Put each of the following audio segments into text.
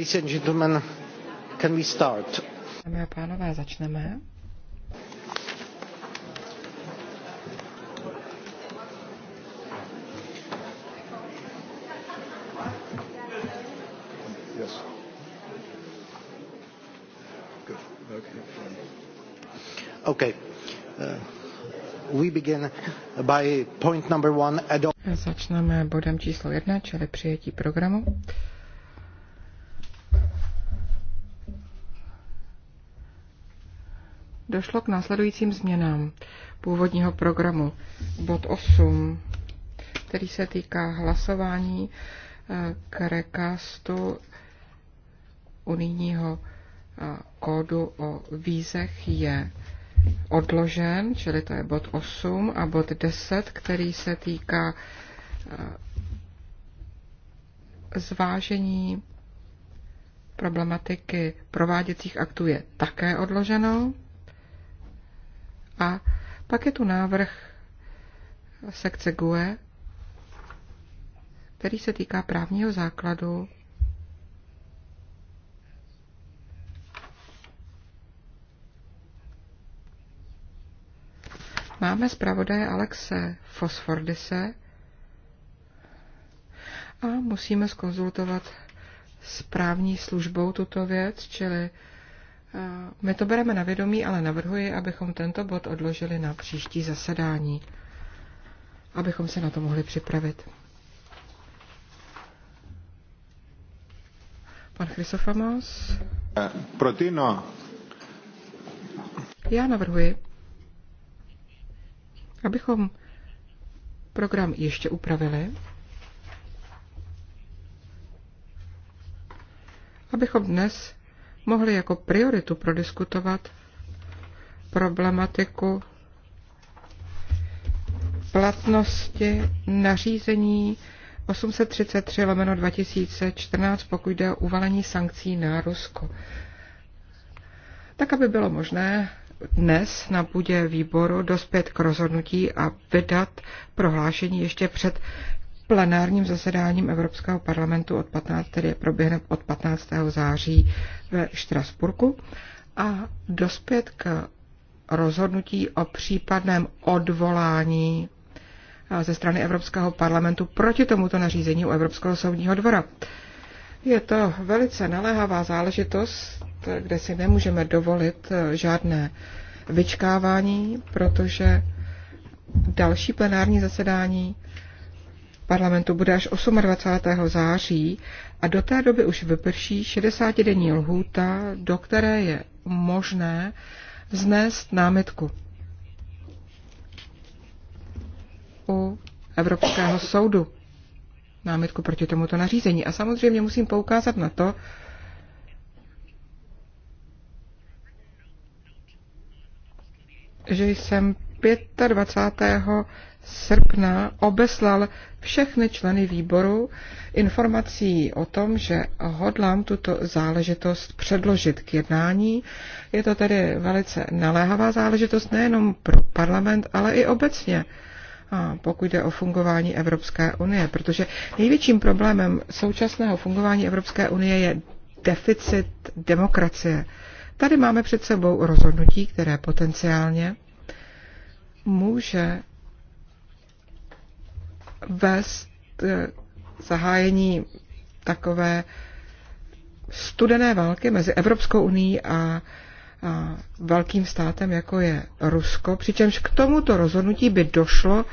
Ladies and gentlemen, can we start? Dámy a pánové, začneme. Yes. Good. Okay. Okay. Uh, we begin by point number one. Začneme bodem číslo jedna, čili přijetí programu. došlo k následujícím změnám původního programu. Bod 8, který se týká hlasování eh, k rekastu unijního eh, kódu o vízech, je odložen, čili to je bod 8 a bod 10, který se týká eh, zvážení problematiky prováděcích aktů je také odloženo. A pak je tu návrh sekce GUE, který se týká právního základu Máme zpravodaje Alexe Fosfordise a musíme skonzultovat s právní službou tuto věc, čili Eh, my to bereme na vědomí, ale navrhuji, abychom tento bod odložili na příští zasedání, abychom se na to mohli připravit. Pan Chrysofamos? Protino. Já navrhuji, abychom program ještě upravili, abychom dnes mohli jako prioritu prodiskutovat problematiku platnosti nařízení 833 lomeno 2014, pokud jde o uvalení sankcí na Rusko. Tak, aby bylo možné dnes na půdě výboru dospět k rozhodnutí a vydat prohlášení ještě před plenárním zasedáním Evropského parlamentu od 15, tedy proběhne od 15. září ve Štrasburku a dospět k rozhodnutí o případném odvolání eh, ze strany Evropského parlamentu proti tomuto nařízení u Evropského soudního dvora. Je to velice naléhavá záležitost, kde si nemůžeme dovolit eh, žádné vyčkávání, protože další plenární zasedání parlamentu bude až 28. září a do té doby už vyprší 60-denní lhůta, do které je možné vznést námitku u Evropského soudu. Námitku proti tomuto nařízení. A samozřejmě musím poukázat na to, že jsem 25 srpna obeslal všechny členy výboru informací o tom, že hodlám tuto záležitost předložit k jednání. Je to tedy velice naléhavá záležitost nejenom pro parlament, ale i obecně. A pokud jde o fungování Evropské unie, protože největším problémem současného fungování Evropské unie je deficit demokracie. Tady máme před sebou rozhodnutí, které potenciálně může vést eh, zahájení takové studené války mezi Evropskou unii a, a velkým státem, jako je Rusko, přičemž k tomuto rozhodnutí by došlo,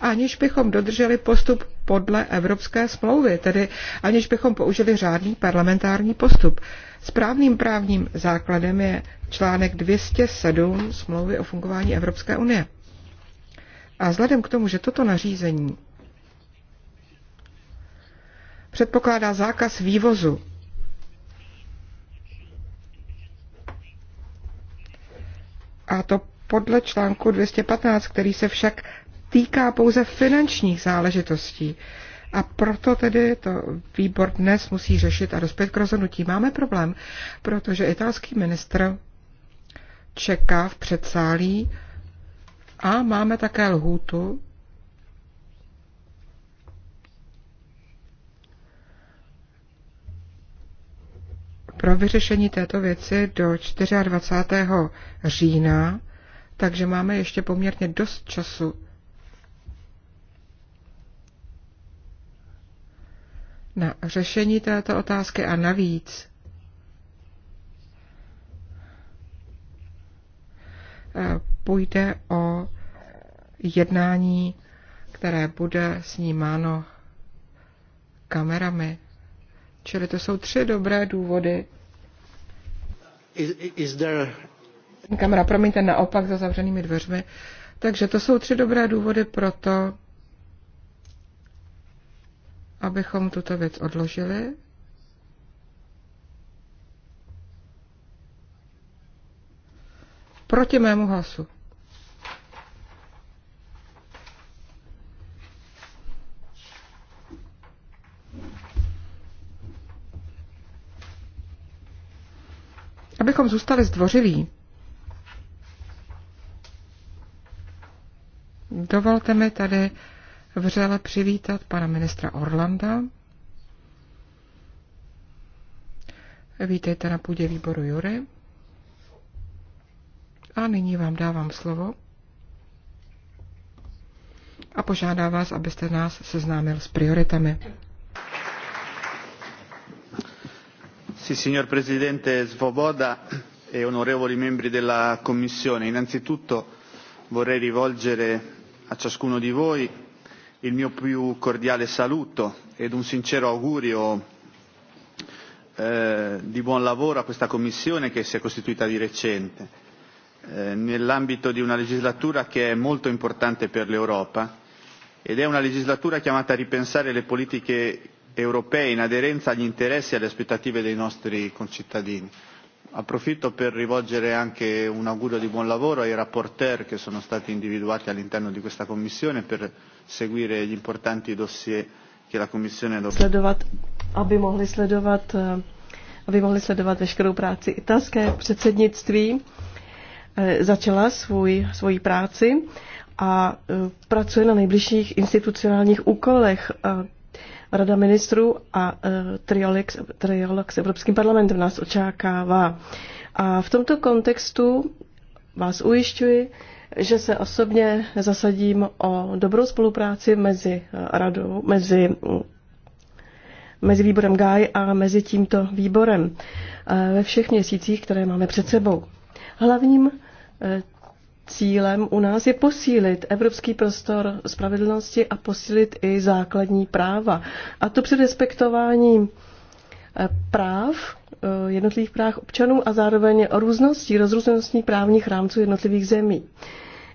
aniž bychom dodrželi postup podle Evropské smlouvy, tedy aniž bychom použili řádný parlamentární postup. Správným právním základem je článek 207 smlouvy o fungování Evropské unie. A vzhledem k tomu, že toto nařízení předpokládá zákaz vývozu. A to podle článku 215, který se však týká pouze finančních záležitostí. A proto tedy to výbor dnes musí řešit a dospět k rozhodnutí. Máme problém, protože italský ministr čeká v předsálí a máme také lhůtu pro vyřešení této věci do 24. října, takže máme ještě poměrně dost času na řešení této otázky a navíc půjde o jednání, které bude snímáno kamerami. Čili to jsou tři dobré důvody, Kamera, promiňte, naopak za zavřenými dveřmi. Takže to jsou tři dobré důvody pro to, abychom tuto věc odložili. Proti mému hlasu. Abychom zůstali zdvořilí, dovolte mi tady vřele přivítat pana ministra Orlanda. Vítejte na půdě výboru Jury. A nyní vám dávám slovo a požádám vás, abyste nás seznámil s prioritami. signor Presidente swoboda e onorevoli membri della Commissione, innanzitutto vorrei rivolgere a ciascuno di voi il mio più cordiale saluto ed un sincero augurio eh, di buon lavoro a questa Commissione che si è costituita di recente, eh, nell'ambito di una legislatura che è molto importante per l'Europa ed è una legislatura chiamata a ripensare le politiche europee in aderenza agli interessi e alle aspettative dei nostri concittadini. approfitto per rivolgere anche un augurio di buon lavoro ai rapporteur che sono stati individuati all'interno di questa commissione per seguire gli importanti dossier che la commissione sledovat, aby mohli sledovat, eh, aby mohli sledovat veškerou práci italské předsednictví eh, začala svůj, svoji práci a eh, pracuje na nejbližších institucionálních úkolech. Rada ministrů a uh, e, trialog s Evropským parlamentem nás očekává. A v tomto kontextu vás ujišťuji, že se osobně zasadím o dobrou spolupráci mezi e, radou, mezi mezi výborem GAJ a mezi tímto výborem e, ve všech měsících, které máme před sebou. Hlavním cílem u nás je posílit evropský prostor spravedlnosti a posílit i základní práva. A to při respektování eh, práv, eh, jednotlivých práv občanů a zároveň růzností, rozrůzností právních rámců jednotlivých zemí.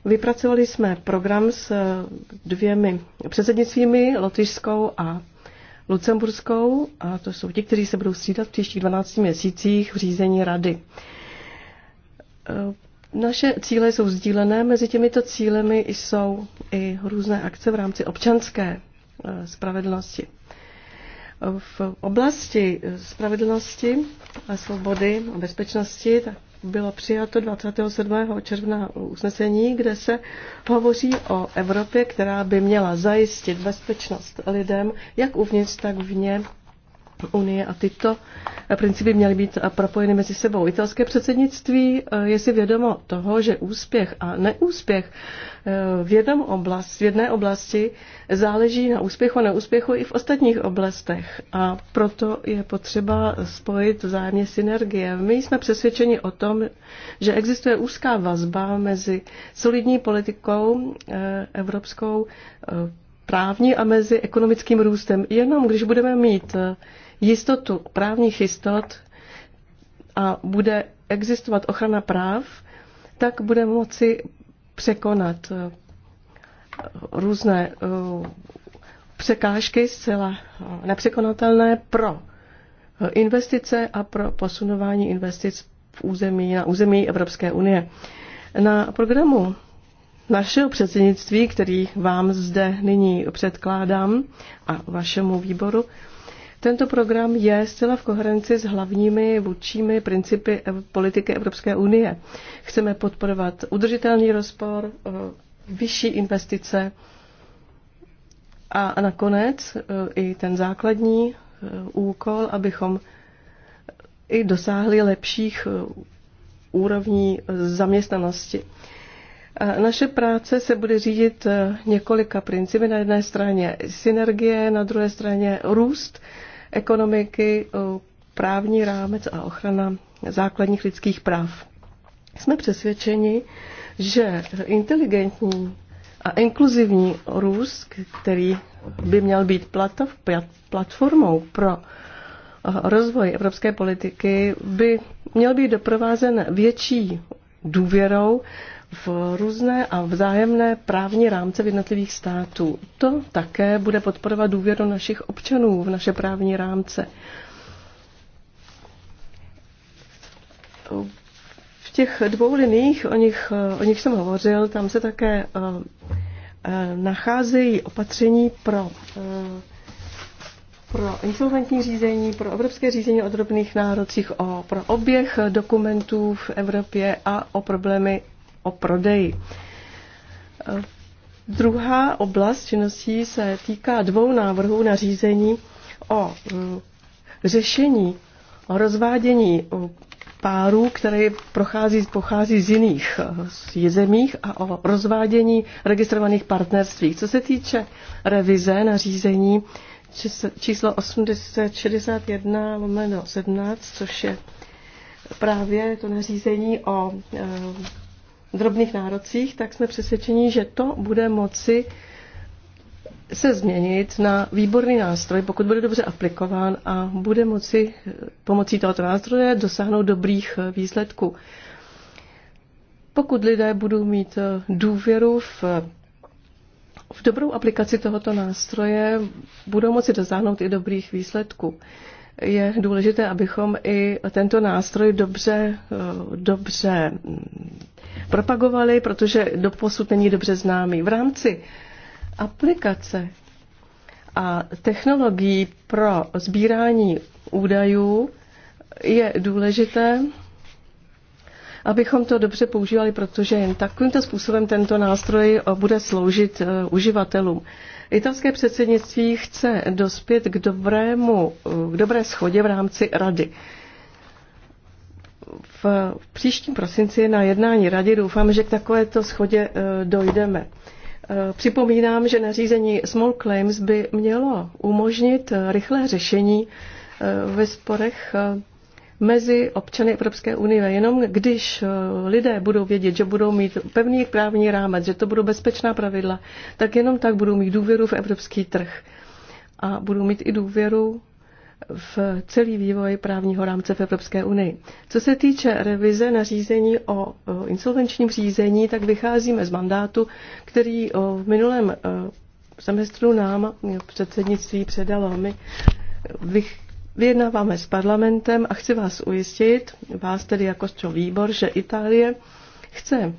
Vypracovali jsme program s eh, dvěmi předsednictvími, lotyšskou a lucemburskou, a to jsou ti, kteří se budou střídat v příštích 12 měsících v řízení rady naše cíle jsou sdílené, mezi těmito cílemi jsou i různé akce v rámci občanské eh, spravedlnosti. V oblasti eh, spravedlnosti a svobody a bezpečnosti tak bylo přijato 27. června usnesení, kde se hovoří o Evropě, která by měla zajistit bezpečnost lidem, jak uvnitř, tak vně unie a tyto principy měly být propojeny mezi sebou. Italské předsednictví eh, je si vědomo toho, že úspěch a neúspěch eh, v, jednom oblast, v jedné oblasti záleží na úspěchu a neúspěchu i v ostatních oblastech. A proto je potřeba spojit vzájemně synergie. My jsme přesvědčeni o tom, že existuje úzká vazba mezi solidní politikou eh, evropskou právní a mezi ekonomickým růstem. Jenom když budeme mít jistotu právních jistot a bude existovat ochrana práv, tak bude moci překonat eh, různé eh, překážky zcela eh, nepřekonatelné pro investice a pro posunování investic v území, na území Evropské unie. Na programu našeho předsednictví, který vám zde nyní předkládám a vašemu výboru, tento program je zcela v koherenci s hlavními vůdčími principy politiky Evropské unie. Chceme podporovat udržitelný rozpor, eh, vyšší investice a nakonec eh, i ten základní eh, úkol, abychom i dosáhli lepších úrovní zaměstnanosti. Naše práce se bude řídit několika principy. Na jedné straně synergie, na druhé straně růst, ekonomiky, právní rámec a ochrana základních lidských práv. Jsme přesvědčeni, že inteligentní a inkluzivní růst, který by měl být platov, platformou pro eh, rozvoj evropské politiky, by měl být doprovázen větší důvěrou v různé a vzájemné právní rámce v jednotlivých států. To také bude podporovat důvěru našich občanů v naše právní rámce. V těch dvou liních, o nich, o nich jsem hovořil, tam se také eh, eh, nacházejí opatření pro, eh, pro insolventní řízení, pro evropské řízení o drobných nárocích, o, pro oběh dokumentů v Evropě a o problémy o prodeji. E, druhá oblast činností se týká dvou návrhů na řízení o mm, řešení o rozvádění párů, které prochází, pochází z jiných e, zemích a o rozvádění registrovaných partnerství. Co se týče revize na řízení číslo 861 17, což je právě to nařízení o e, drobných nárocích, tak jsme přesvědčeni, že to bude moci se změnit na výborný nástroj, pokud bude dobře aplikován a bude moci pomocí tohoto nástroje dosáhnout dobrých výsledků. Pokud lidé budou mít důvěru v, v dobrou aplikaci tohoto nástroje, budou moci dosáhnout i dobrých výsledků. Je důležité, abychom i tento nástroj dobře, dobře propagovali, protože doposud není dobře známý. V rámci aplikace a technologií pro sbírání údajů je důležité, abychom to dobře používali, protože jen takovýmto způsobem tento nástroj bude sloužit eh, uživatelům. Italské předsednictví chce dospět k, dobrému, eh, k dobré schodě v rámci rady v příštím prosinci na jednání rady doufám, že k takovéto schodě eh, dojdeme. Eh, připomínám, že nařízení Small Claims by mělo umožnit eh, rychlé řešení ve sporech mezi občany Evropské unie. Jenom když lidé budou vědět, že budou mít pevný právní rámec, že to budou bezpečná pravidla, tak jenom tak budou mít důvěru v evropský trh. A budou mít i důvěru v celý vývoj právního rámce v Evropské unii. Co se týče revize nařízení o insolvenčním řízení, tak vycházíme z mandátu, který v minulém semestru nám předsednictví předalo. My vyjednáváme s parlamentem a chci vás ujistit, vás tedy jakožto výbor, že Itálie chce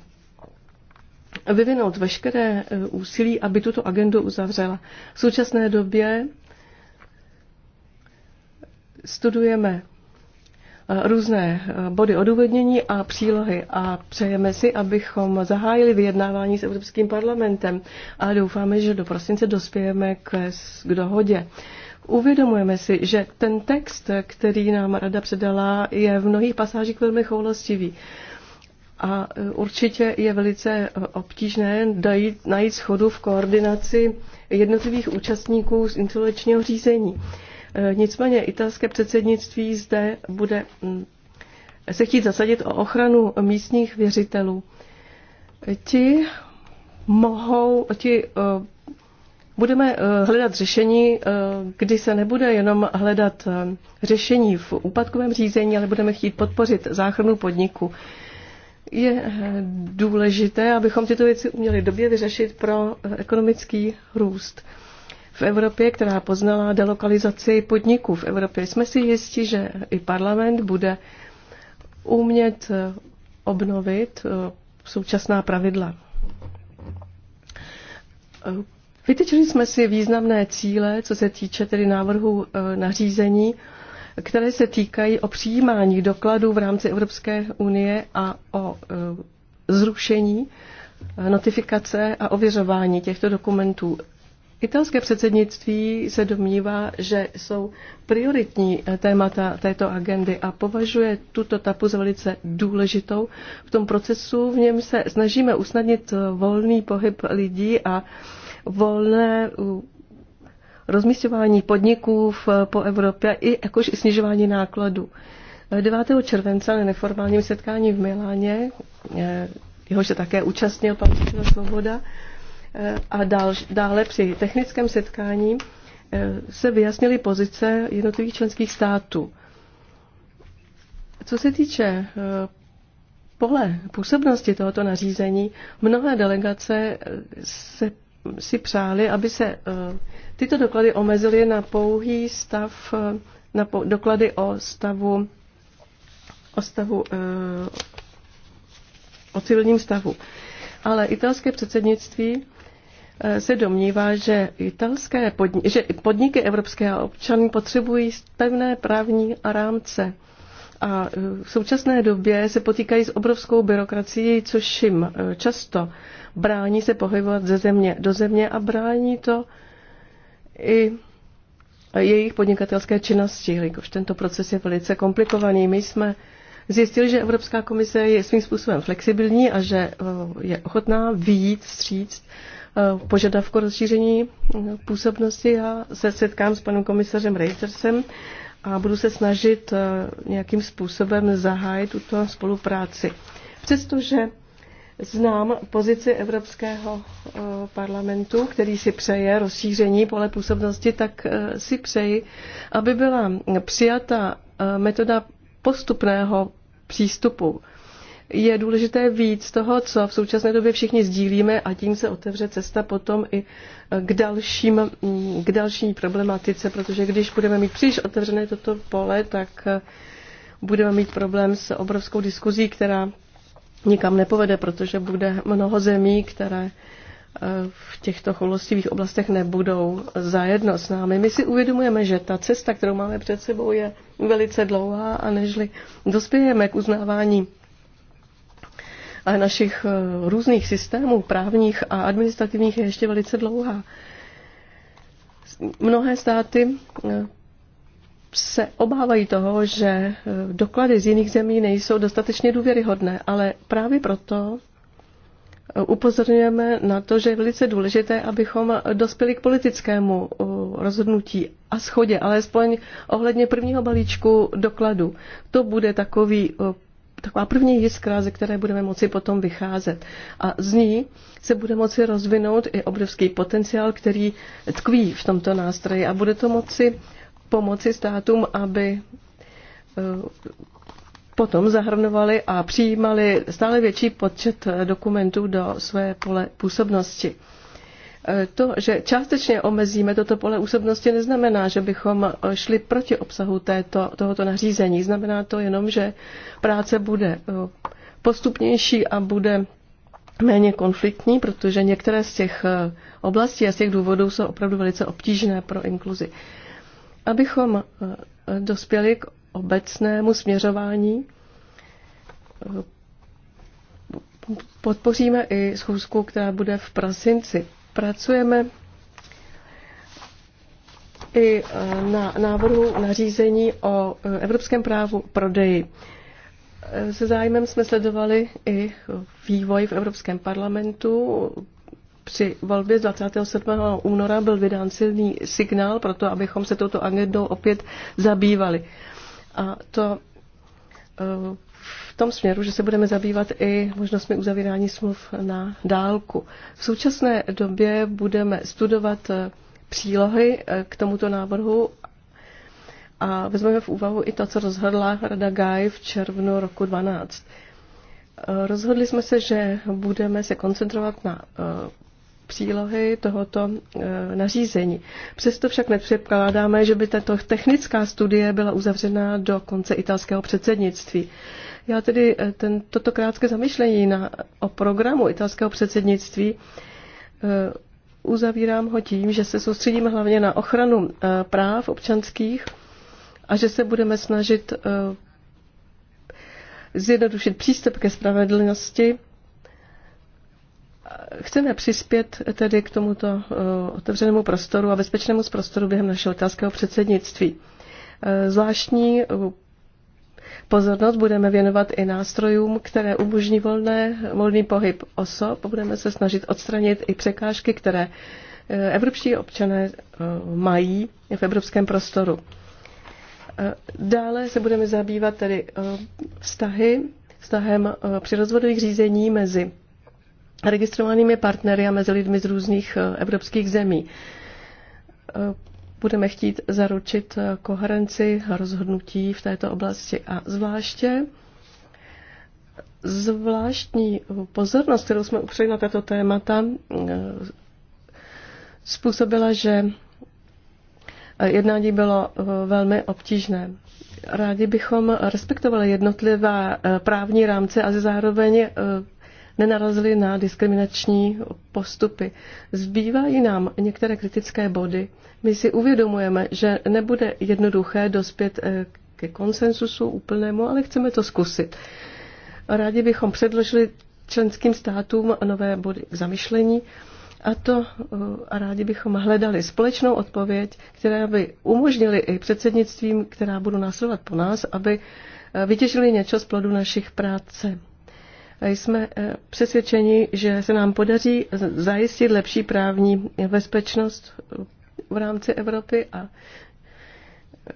vyvinout veškeré e, úsilí, aby tuto agendu uzavřela. V současné době studujeme eh, různé eh, body odůvodnění a přílohy a přejeme si, abychom zahájili vyjednávání s Evropským parlamentem a doufáme, že do prosince dospějeme k, k dohodě. Uvědomujeme si, že ten text, který nám Rada předala, je v mnohých pasážích velmi choulostivý. A eh, určitě je velice obtížné najít schodu v koordinaci jednotlivých účastníků z intelečního řízení. Eh, nicméně italské předsednictví zde bude mm, se chtít zasadit o ochranu místních věřitelů. Ti mohou, ti eh, budeme eh, hledat řešení, kdy se nebude jenom hledat řešení v úpadkovém řízení, ale budeme chtít podpořit záchranu podniku. Je důležité, abychom tyto věci uměli době vyřešit pro ekonomický růst v Evropě, která poznala delokalizaci podniků v Evropě. Jsme si jistí, že i parlament bude umět eh, obnovit eh, současná pravidla. Eh, vytyčili jsme si významné cíle, co se týče tedy návrhu nařízení, které se týkají o přijímání dokladů v rámci Evropské unie a o zrušení notifikace a ověřování těchto dokumentů. Italské předsednictví se domnívá, že jsou prioritní eh, témata této agendy a považuje tuto tapu za velice důležitou. V tom procesu v něm se snažíme usnadnit eh, volný pohyb lidí a volné rozmístování podniků eh, po Evropě, i, jakož i snižování nákladů. 9. července na neformálním setkání v Miláně, jehož se také účastnil pan Svoboda, Eh, a dále při technickém setkání eh, se vyjasnily pozice jednotlivých členských států. Co se týče eh, pole působnosti tohoto nařízení, mnohé delegace se, si přáli, aby se tyto doklady omezily na pouhý stav, na doklady o stavu, o stavu, o civilním stavu. Ale italské předsednictví se domnívá, že italské podniky, že podniky evropské a občany potřebují pevné právní a rámce. A e, v současné době se potýkají s obrovskou byrokracií, což jim e, často brání se pohybovat ze země do země a brání to i jejich podnikatelské činnosti, jelikož tento proces je velice komplikovaný. My jsme zjistili, že Evropská komise je svým způsobem flexibilní a že e, je ochotná výjít stříct Eh, požadavku rozšíření působnosti. Já se setkám s panem komisařem Reitersem a budu se snažit eh, nějakým způsobem zahájit tuto spolupráci. Přestože znám pozici Evropského eh, parlamentu, který si přeje rozšíření pole působnosti, tak si přeji, aby byla přijata metoda postupného přístupu je důležité víc toho, co v současné době všichni sdílíme a tím se otevře cesta potom i eh, k, dalším, mm, k další problematice, protože když budeme mít příliš otevřené toto pole, tak eh, budeme mít problém s obrovskou diskuzí, která nikam nepovede, protože bude mnoho zemí, které eh, v těchto choulostivých oblastech nebudou zajedno s námi. My si uvědomujeme, že ta cesta, kterou máme před sebou, je velice dlouhá a nežli dospějeme k uznávání a našich eh, různých systémů právních a administrativních je ještě velice dlouhá. Mnohé státy eh, se obávají toho, že eh, doklady z jiných zemí nejsou dostatečně důvěryhodné, ale právě proto upozorňujeme na to, že je velice důležité, abychom dospěli k politickému rozhodnutí a schodě, alespoň ohledně prvního balíčku dokladu. To bude takový taková první jiskra, ze které budeme moci potom vycházet. A z ní se bude moci rozvinout i obrovský potenciál, který tkví v tomto nástroji a bude to moci pomoci státům, aby eh, potom zahrnovali a přijímali stále větší počet eh, dokumentů do své pole působnosti. To, že částečně omezíme toto pole úsobnosti, neznamená, že bychom šli proti obsahu této, tohoto nařízení. Znamená to jenom, že práce bude eh, postupnější a bude méně konfliktní, protože některé z těch eh, oblastí a z těch důvodů jsou opravdu velice obtížné pro inkluzi. Abychom eh, dospěli k obecnému směřování, podpoříme i schůzku, která bude v prosinci pracujeme i e, na návrhu nařízení o e, evropském právu prodeji. E, se zájmem jsme sledovali i vývoj v Evropském parlamentu. Při volbě 27. února byl vydán silný signál pro to, abychom se touto agendou opět zabývali. A to tom směru, že se budeme zabývat i možnostmi uzavírání smluv na dálku. V současné době budeme studovat eh, přílohy eh, k tomuto návrhu a vezmeme v úvahu i to, co rozhodla Rada Gaj v červnu roku 12. Eh, rozhodli jsme se, že budeme se koncentrovat na přílohy tohoto nařízení. Přesto však nepředpokládáme, že by tato technická studie byla uzavřena do konce italského předsednictví. Já tedy eh, ten, toto krátké zamišlení na, o programu italského předsednictví eh, uzavírám ho tím, že se soustředíme hlavně na ochranu eh, práv občanských a že se budeme snažit zjednodušit přístup ke spravedlnosti. Chceme přispět tedy k tomuto otevřenému prostoru a bezpečnému prostoru během našeho italského předsednictví. Zvláštní Pozornost budeme věnovat i nástrojům, které umožní volné, volný pohyb osob. Budeme se snažit odstranit i překážky, které eh, evropští občané eh, mají v evropském prostoru. Eh, dále se budeme zabývat tedy vztahy, vztahem rozvodových řízení mezi registrovanými partnery a mezi lidmi z různých evropských zemí budeme chtít zaručit eh, koherenci rozhodnutí v této oblasti a zvláště zvláštní pozornost, kterou jsme upřeli na tato témata, eh, způsobila, že eh, jednání bylo velmi obtížné. Rádi bychom respektovali jednotlivá právní rámce a zároveň nenarazili na diskriminační postupy. Zbývají nám některé kritické body. My si uvědomujeme, že nebude jednoduché dospět eh, ke konsensusu úplnému, ale chceme to zkusit. Rádi bychom předložili členským státům nové body k zamyšlení a to eh, a rádi bychom hledali společnou odpověď, která by umožnili i předsednictvím, která budou následovat po nás, aby eh, vytěžili něco z plodu našich práce. Jsme eh, přesvědčeni, že se nám podaří zajistit lepší právní bezpečnost eh, v rámci Evropy a eh,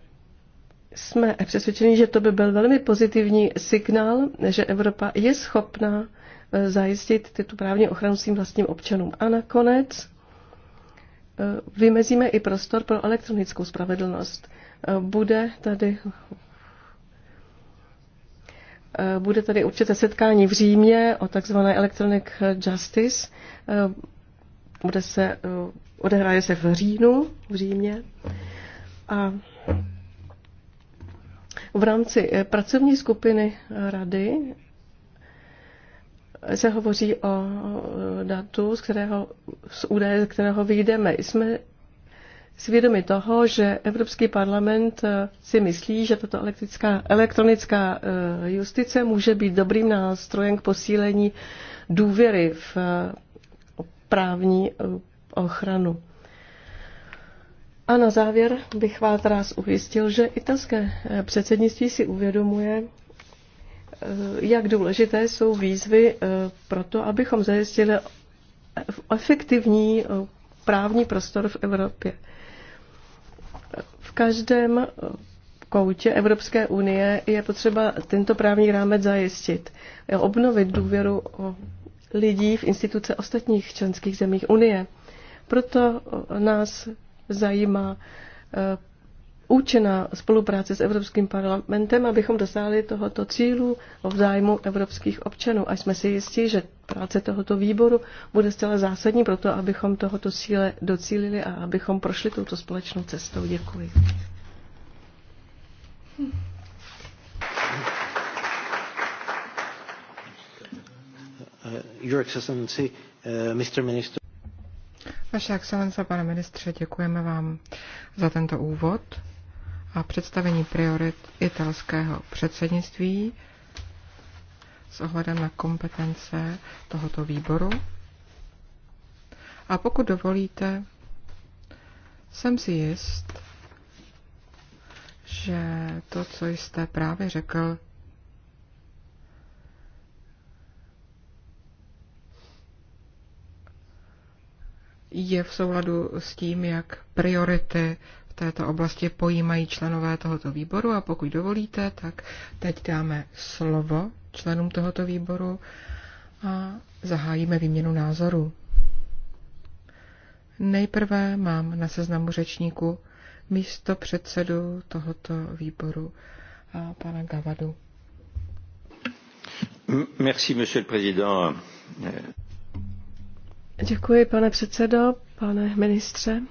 jsme přesvědčeni, že to by byl velmi pozitivní signál, že Evropa je schopná zajistit tyto právní ochranu svým vlastním občanům. A nakonec vymezíme i prostor pro elektronickou spravedlnost. Bude tady Eh, bude tady určité setkání v Římě o takzvané Electronic Justice. Eh, bude se, eh, odehraje se v říjnu v Římě. A v rámci pracovní skupiny rady se hovoří o datu, z kterého, z údaje, z kterého vyjdeme. Jsme svědomi toho, že Evropský parlament eh, si myslí, že tato elektrická, elektronická eh, justice může být dobrým nástrojem k posílení důvěry v eh, právní ochranu. A na závěr bych vás rád ujistil, že italské předsednictví si uvědomuje, jak důležité jsou výzvy pro to, abychom zajistili efektivní právní prostor v Evropě každém koutě Evropské unie je potřeba tento právní rámec zajistit, obnovit důvěru lidí v instituce ostatních členských zemích Unie. Proto nás zajímá účinná spolupráce s Evropským parlamentem, abychom dosáhli tohoto cílu o vzájmu evropských občanů. A jsme si jistí, že práce tohoto výboru bude zcela zásadní pro to, abychom tohoto cíle docílili a abychom prošli touto společnou cestou. Děkuji. Eh, Your Excellency, eh, Mr. Minister. Vaše excelence, pane ministře, děkujeme vám za tento úvod a představení priorit italského předsednictví s ohledem na kompetence tohoto výboru. A pokud dovolíte, jsem si jist, že to, co jste právě řekl, je v souladu s tím, jak priority této oblasti pojímají členové tohoto výboru a pokud dovolíte, tak teď dáme slovo členům tohoto výboru a zahájíme výměnu názorů. Nejprve mám na seznamu řečníku místo předsedu tohoto výboru a pana Gavadu. Merci, monsieur le président. Děkuji, pane předsedo, pane ministře.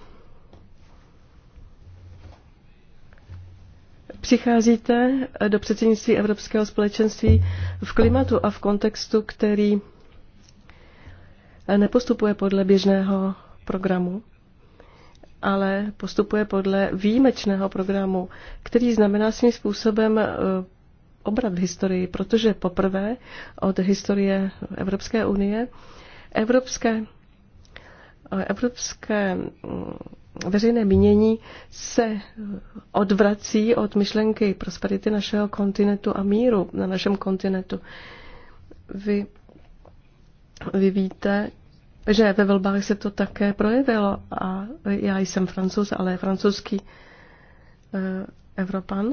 přicházíte do předsednictví Evropského společenství v klimatu a v kontextu, který nepostupuje podle běžného programu, ale postupuje podle výjimečného programu, který znamená svým způsobem eh, obrat v historii, protože poprvé od historie Evropské unie evropské, eh, evropské mm, veřejné mínění se odvrací od myšlenky prosperity našeho kontinentu a míru na našem kontinentu. Vy, vy víte, že ve volbách se to také projevilo a já jsem francouz, ale francouzský eh, Evropan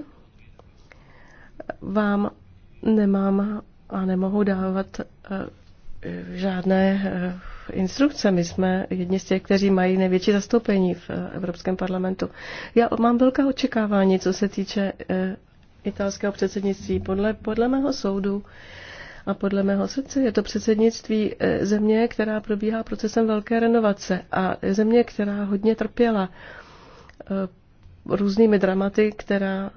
vám nemám a nemohu dávat eh, žádné eh, instrukce. My jsme jedni z těch, kteří mají největší zastoupení v eh, Evropském parlamentu. Já mám velká očekávání, co se týče eh, italského předsednictví. Podle, podle mého soudu a podle mého srdce je to předsednictví eh, země, která probíhá procesem velké renovace a země, která hodně trpěla různými dramaty, která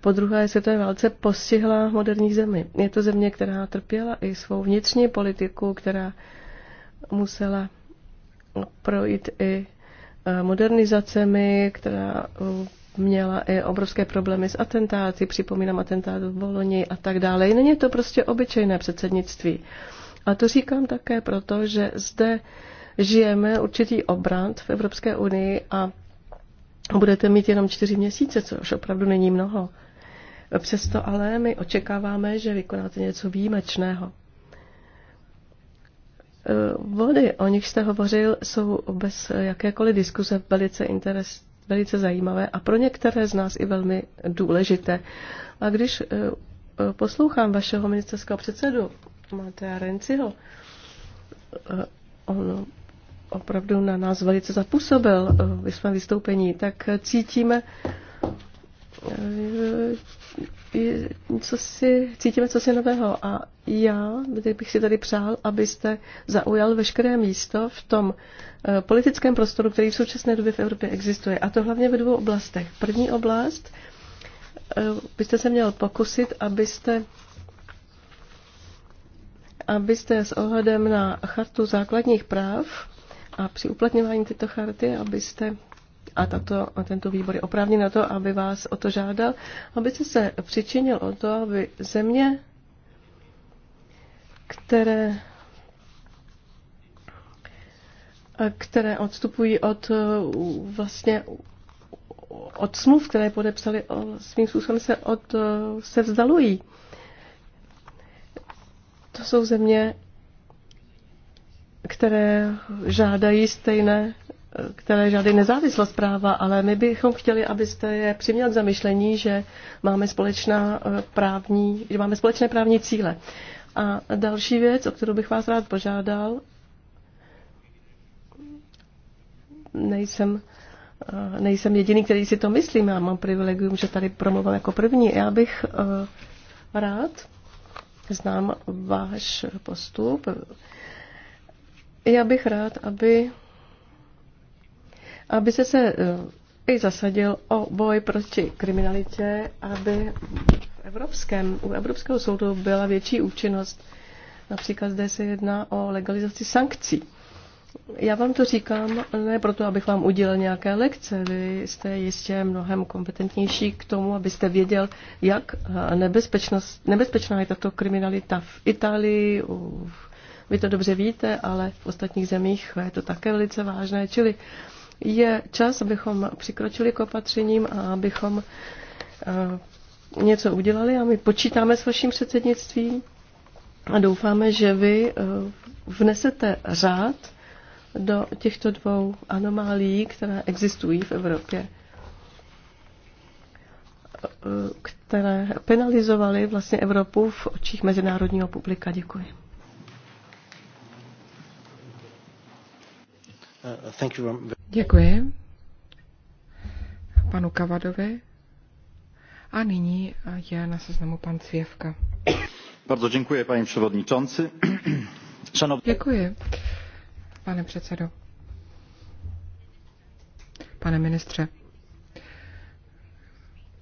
po druhé světové válce postihla moderní zemi. Je to země, která trpěla i svou vnitřní politiku, která musela projít i e, modernizacemi, která e, měla i obrovské problémy s atentáty, připomínám atentát v Boloni a tak dále. Není to prostě obyčejné předsednictví. A to říkám také proto, že zde žijeme určitý obrant v Evropské unii a budete mít jenom čtyři měsíce, což opravdu není mnoho. Přesto ale my očekáváme, že vykonáte něco výjimečného. Eh, vody, o nich jste hovořil, jsou bez jakékoliv diskuze velice, interes, velice zajímavé a pro některé z nás i velmi důležité. A když eh, eh, poslouchám vašeho ministerského předsedu, Matea Renciho, on opravdu na nás velice zapůsobil ve svém vystoupení, tak cítíme co si, cítíme co si nového. A já bych si tady přál, abyste zaujal veškeré místo v tom eh, politickém prostoru, který v současné době v Evropě existuje. A to hlavně ve dvou oblastech. První oblast, eh, byste se měl pokusit, abyste abyste s ohledem na chartu základních práv a při uplatňování této charty, abyste a, tato, a tento výbor je oprávněn na to, aby vás o to žádal, abyste se přičinil o to, aby země, které které odstupují od uh, vlastně uh, od smluv, které podepsali svým způsobem se, od, uh, se vzdalují. To jsou země, které žádají stejné které žádný nezávislost práva, ale my bychom chtěli, abyste je přiměl k zamyšlení, že máme, společná eh, právní, že máme společné právní cíle. A další věc, o kterou bych vás rád požádal, nejsem, eh, nejsem jediný, který si to myslí, já mám privilegium, že tady promluvil jako první. Já bych eh, rád, znám váš postup, já bych rád, aby aby se, se eh, i zasadil o boj proti kriminalitě, aby v evropském, u Evropského soudu byla větší účinnost. Například zde se jedná o legalizaci sankcí. Já vám to říkám ne proto, abych vám udělal nějaké lekce. Vy jste jistě mnohem kompetentnější k tomu, abyste věděl, jak eh, nebezpečná je tato kriminalita v Itálii. Vy to dobře víte, ale v ostatních zemích je to také velice vážné. Čili uh, je čas, abychom přikročili k opatřením a abychom eh, něco udělali a my počítáme s vaším předsednictvím a doufáme, že vy eh, vnesete řád do těchto dvou anomálií, které existují v Evropě, eh, které penalizovaly vlastně Evropu v očích mezinárodního publika. Děkuji. Děkuji panu Kavadovi. A nyní je na seznamu pan Cvěvka. Bardzo děkuji, paní předsedající. Děkuji, pane předsedo. Pane ministře,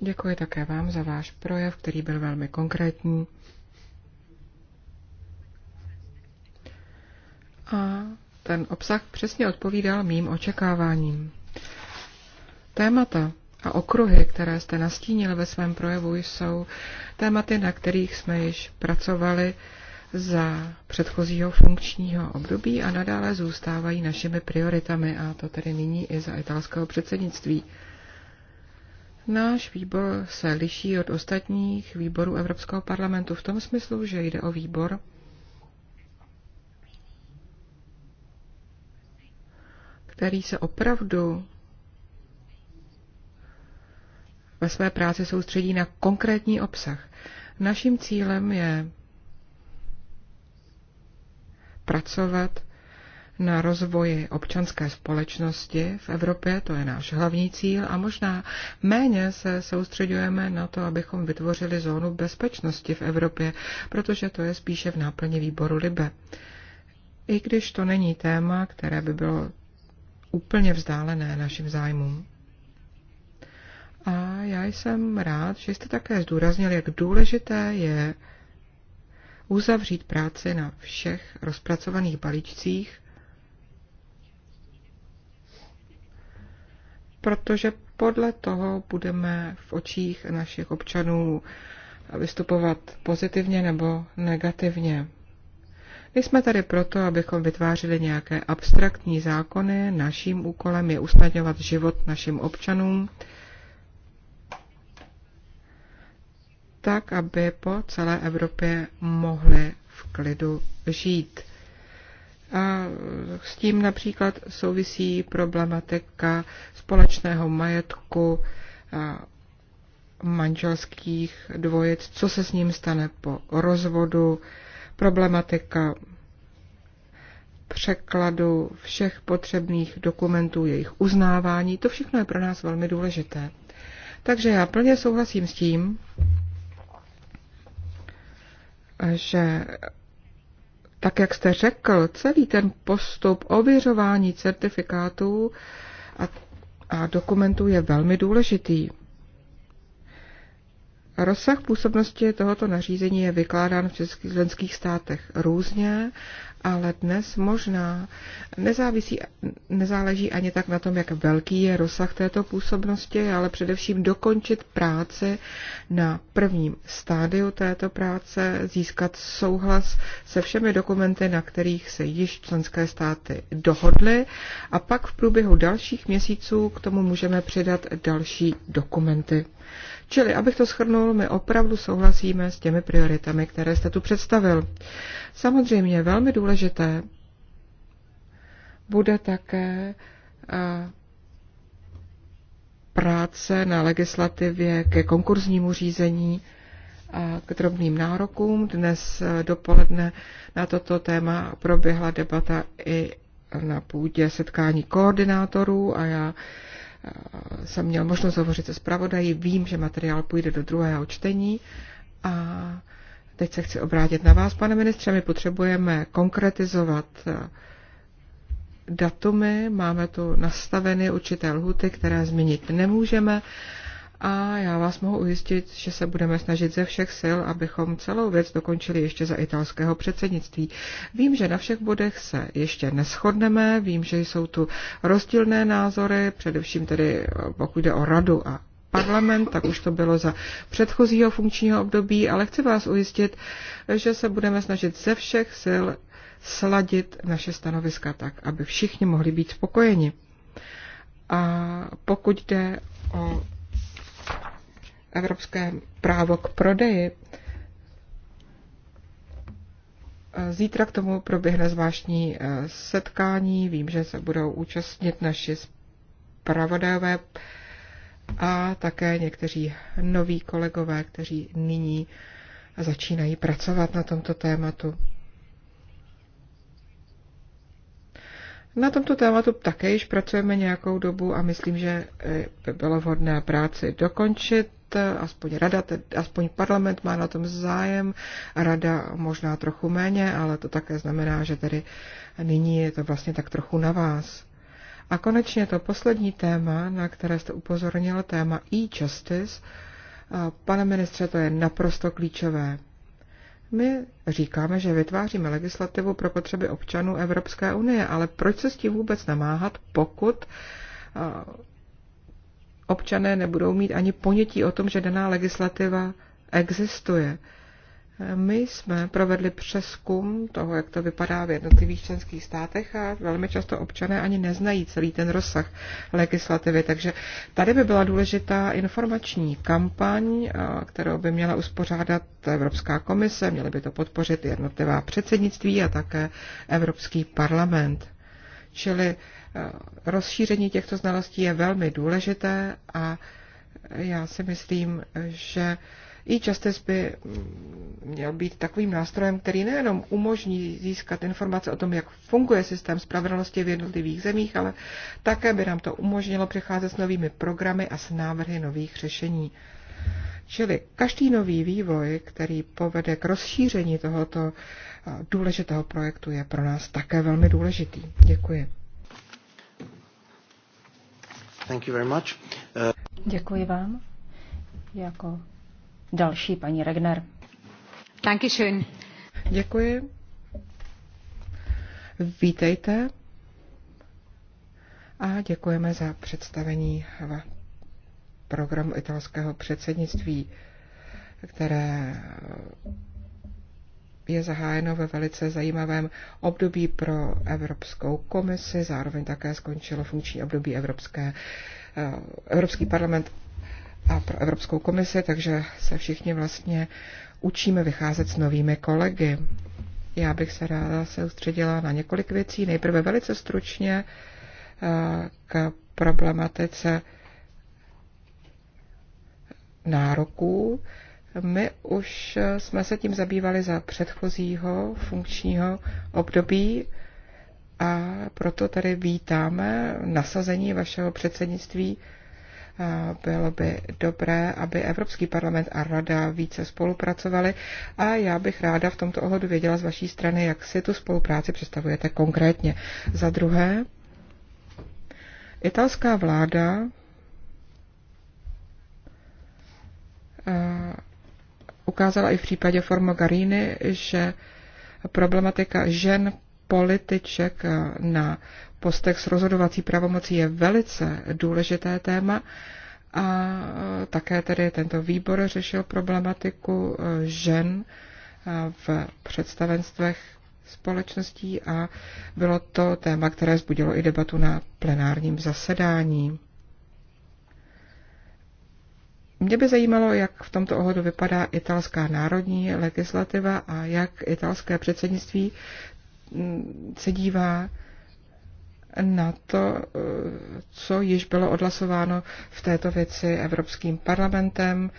děkuji také vám za váš projev, který byl velmi konkrétní. A ten obsah přesně odpovídal mým očekáváním. Témata a okruhy, které jste nastínil ve svém projevu, jsou tématy, na kterých jsme již pracovali za předchozího funkčního období a nadále zůstávají našimi prioritami, a to tedy nyní i za italského předsednictví. Náš výbor se liší od ostatních výborů Evropského parlamentu v tom smyslu, že jde o výbor, který se opravdu ve své práci soustředí na konkrétní obsah. Naším cílem je pracovat na rozvoji občanské společnosti v Evropě, to je náš hlavní cíl, a možná méně se soustředujeme na to, abychom vytvořili zónu bezpečnosti v Evropě, protože to je spíše v náplně výboru Libe. I když to není téma, které by bylo úplně vzdálené našim zájmům. A já jsem rád, že jste také zdůraznil, jak důležité je uzavřít práci na všech rozpracovaných balíčcích, protože podle toho budeme v očích našich občanů vystupovat pozitivně nebo negativně. Nejsme tady proto, abychom vytvářeli nějaké abstraktní zákony. Naším úkolem je usnadňovat život našim občanům tak, aby po celé Evropě mohli v klidu žít. A s tím například souvisí problematika společného majetku, manželských dvojic, co se s ním stane po rozvodu, problematika překladu všech potřebných dokumentů, jejich uznávání, to všechno je pro nás velmi důležité. Takže já plně souhlasím s tím, že tak, jak jste řekl, celý ten postup ověřování certifikátů a, a dokumentů je velmi důležitý. Rozsah působnosti tohoto nařízení je vykládán v českých členských státech různě, ale dnes možná nezávisí, nezáleží ani tak na tom, jak velký je rozsah této působnosti, ale především dokončit práci na prvním stádiu této práce, získat souhlas se všemi dokumenty, na kterých se již členské státy dohodly a pak v průběhu dalších měsíců k tomu můžeme přidat další dokumenty. Čili, abych to schrnul, my opravdu souhlasíme s těmi prioritami, které jste tu představil. Samozřejmě velmi důležité bude také práce na legislativě ke konkurznímu řízení a k drobným nárokům. Dnes e, dopoledne na toto téma proběhla debata i na půdě setkání koordinátorů a já jsem měl možnost hovořit se zpravodají, vím, že materiál půjde do druhého čtení a teď se chci obrátit na vás, pane ministře, my potřebujeme konkretizovat eh, datumy, máme tu nastaveny určité lhuty, které změnit nemůžeme a já vás mohu ujistit, že se budeme snažit ze všech sil, abychom celou věc dokončili ještě za italského předsednictví. Vím, že na všech bodech se ještě neschodneme, vím, že jsou tu rozdílné názory, především tedy pokud jde o radu a parlament, tak už to bylo za předchozího funkčního období, ale chci vás ujistit, že se budeme snažit ze všech sil sladit naše stanoviska tak, aby všichni mohli být spokojeni. A pokud jde o evropské právo k prodeji. Zítra k tomu proběhne zvláštní e, setkání. Vím, že se budou účastnit naši zpravodajové a také někteří noví kolegové, kteří nyní začínají pracovat na tomto tématu. Na tomto tématu také již pracujeme nějakou dobu a myslím, že eh, by bylo vhodné práci dokončit. Aspoň, rada, aspoň parlament má na tom zájem, rada možná trochu méně, ale to také znamená, že tedy nyní je to vlastně tak trochu na vás. A konečně to poslední téma, na které jste upozornil, téma e-justice. Eh, pane ministře, to je naprosto klíčové. My říkáme, že vytváříme legislativu pro potřeby občanů Evropské unie, ale proč se s tím vůbec namáhat, pokud eh, občané nebudou mít ani ponětí o tom, že daná legislativa existuje? My jsme provedli přeskum toho, jak to vypadá v jednotlivých členských státech a velmi často občané ani neznají celý ten rozsah legislativy. Takže tady by byla důležitá informační kampaň, kterou by měla uspořádat Evropská komise, měly by to podpořit jednotlivá předsednictví a také Evropský parlament. Čili rozšíření těchto znalostí je velmi důležité a já si myslím, že i často by měl být takovým nástrojem, který nejenom umožní získat informace o tom, jak funguje systém spravedlnosti v jednotlivých zemích, ale také by nám to umožnilo přicházet s novými programy a s návrhy nových řešení. Čili každý nový vývoj, který povede k rozšíření tohoto eh, důležitého projektu, je pro nás také velmi důležitý. Děkuji. Thank you very much. Uh... Děkuji vám. Jako Další paní Regner. Dankeschön. Děkuji. Vítejte a děkujeme za představení programu italského předsednictví, které je zahájeno ve velice zajímavém období pro Evropskou komisi, zároveň také skončilo funkční období Evropské, eh, Evropský parlament a pro Evropskou komisi, takže se všichni vlastně učíme vycházet s novými kolegy. Já bych se ráda soustředila na několik věcí. Nejprve velice stručně eh, k problematice nároků. My už jsme se tím zabývali za předchozího funkčního období a proto tady vítáme nasazení vašeho předsednictví bylo by dobré, aby Evropský parlament a Rada více spolupracovali a já bych ráda v tomto ohledu věděla z vaší strany, jak si tu spolupráci představujete konkrétně. Za druhé, italská vláda ukázala i v případě Formogaríny, že problematika žen političek na postech s rozhodovací pravomocí je velice důležité téma a e, také tedy tento výbor řešil problematiku e, žen e, v představenstvech společností a bylo to téma, které zbudilo i debatu na plenárním zasedání. Mě by zajímalo, jak v tomto ohledu vypadá italská národní legislativa a jak italské předsednictví se dívá na to, co již bylo odhlasováno v této věci Evropským parlamentem.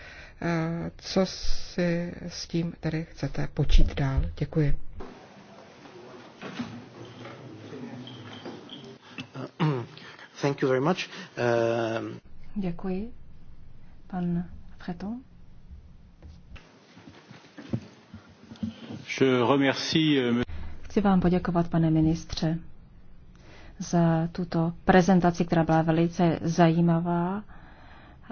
Co si s tím tedy chcete počít dál? Děkuji. Thank you very much. Uh... Děkuji. Pan Freton. Je remercie... Chci vám poděkovat, pane ministře za tuto prezentaci, která byla velice zajímavá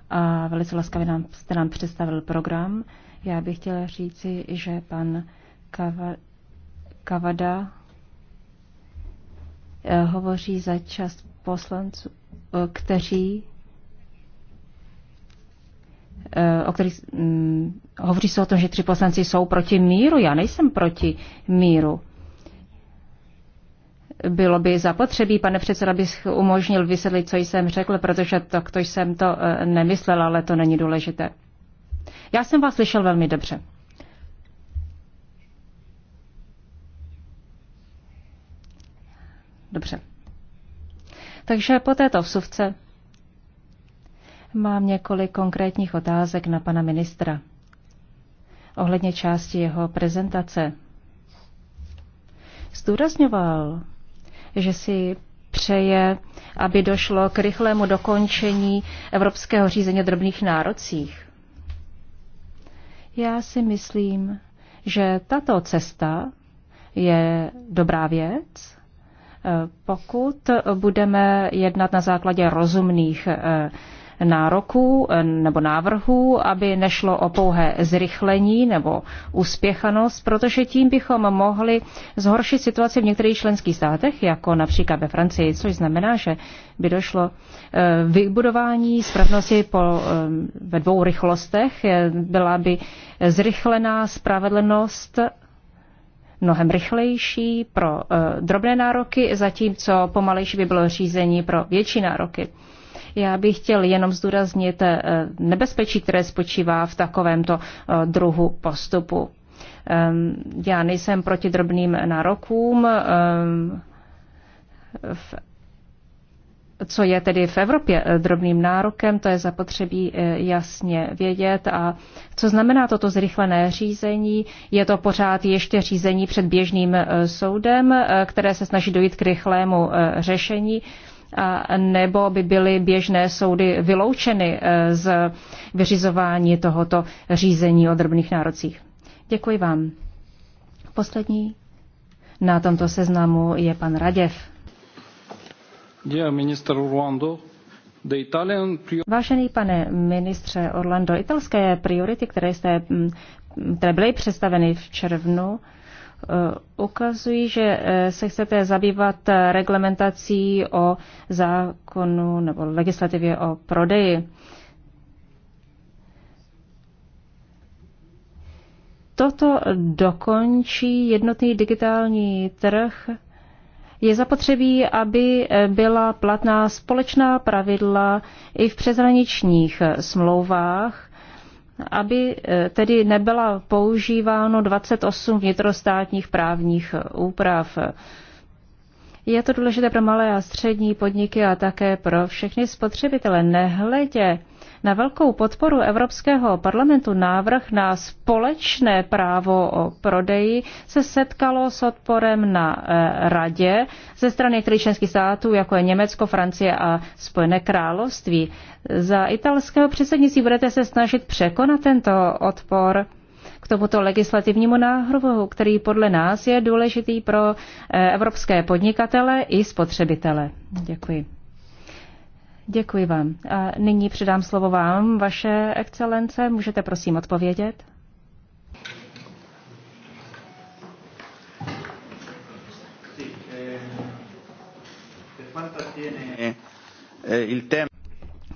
a velice laskavě nám, jste nám představil program. Já bych chtěla říci, že pan Kavada eh, hovoří za část poslanců, eh, kteří eh, o kterých hm, hovoří se o tom, že tři poslanci jsou proti míru. Já nejsem proti míru. Bylo by zapotřebí, pane předseda, bych umožnil vysvětlit, co jsem řekl, protože to, to jsem to eh, nemyslel, ale to není důležité. Já jsem vás slyšel velmi dobře. Dobře. Takže po této vsuvce mám několik konkrétních otázek na pana ministra ohledně části jeho prezentace. Zdůrazňoval, že si přeje, aby došlo k rychlému dokončení evropského řízení drobných nárocích. Já si myslím, že tato cesta je dobrá věc, eh, pokud budeme jednat na základě rozumných eh, nároků eh, nebo návrhů, aby nešlo o pouhé zrychlení nebo uspěchanost, protože tím bychom mohli zhoršit situaci v některých členských státech, jako například ve Francii, což znamená, že by došlo eh, vybudování spravnosti po, eh, ve dvou rychlostech. Byla by zrychlená spravedlnost mnohem rychlejší pro drobné nároky, zatímco pomalejší by bylo řízení pro větší nároky. Já bych chtěl jenom zdůraznit eh, nebezpečí, které spočívá v takovémto eh, druhu postupu. Ehm, já nejsem proti drobným nárokům. Ehm, co je tedy v Evropě eh, drobným nárokem, to je zapotřebí jasně vědět. A co znamená toto zrychlené řízení? Je to pořád ještě řízení před běžným soudem, které se snaží dojít k rychlému řešení nebo by byly běžné soudy vyloučeny eh, z vyřizování tohoto řízení o drobných nárocích. Děkuji vám. Poslední na tomto seznamu je pan Raděv. Minister Vážený pane ministře Orlando, italské priority, které, jste, mm, které byly představeny v červnu, Eh, ukazují, že eh, se chcete zabývat eh, reglementací o zákonu nebo legislativě o prodeji. Toto dokončí jednotný digitální trh. Je zapotřebí, aby byla platná společná pravidla i v přezraničních smlouvách, aby e, tedy nebyla používáno 28 vnitrostátních právních e, úprav. Je to důležité pro malé a střední podniky a také pro všechny spotřebitele. Nehledě na velkou podporu Evropského parlamentu návrh na společné právo o prodeji se setkalo s odporem na eh, radě ze strany některých členských států, jako je Německo, Francie a Spojené království. Za italského předsednictví budete se snažit překonat tento odpor k tomuto legislativnímu návrhu, který podle nás je důležitý pro eh, evropské podnikatele i spotřebitele. Děkuji. Děkuji vám. A nyní předám slovo vám, vaše excelence. Můžete prosím odpovědět?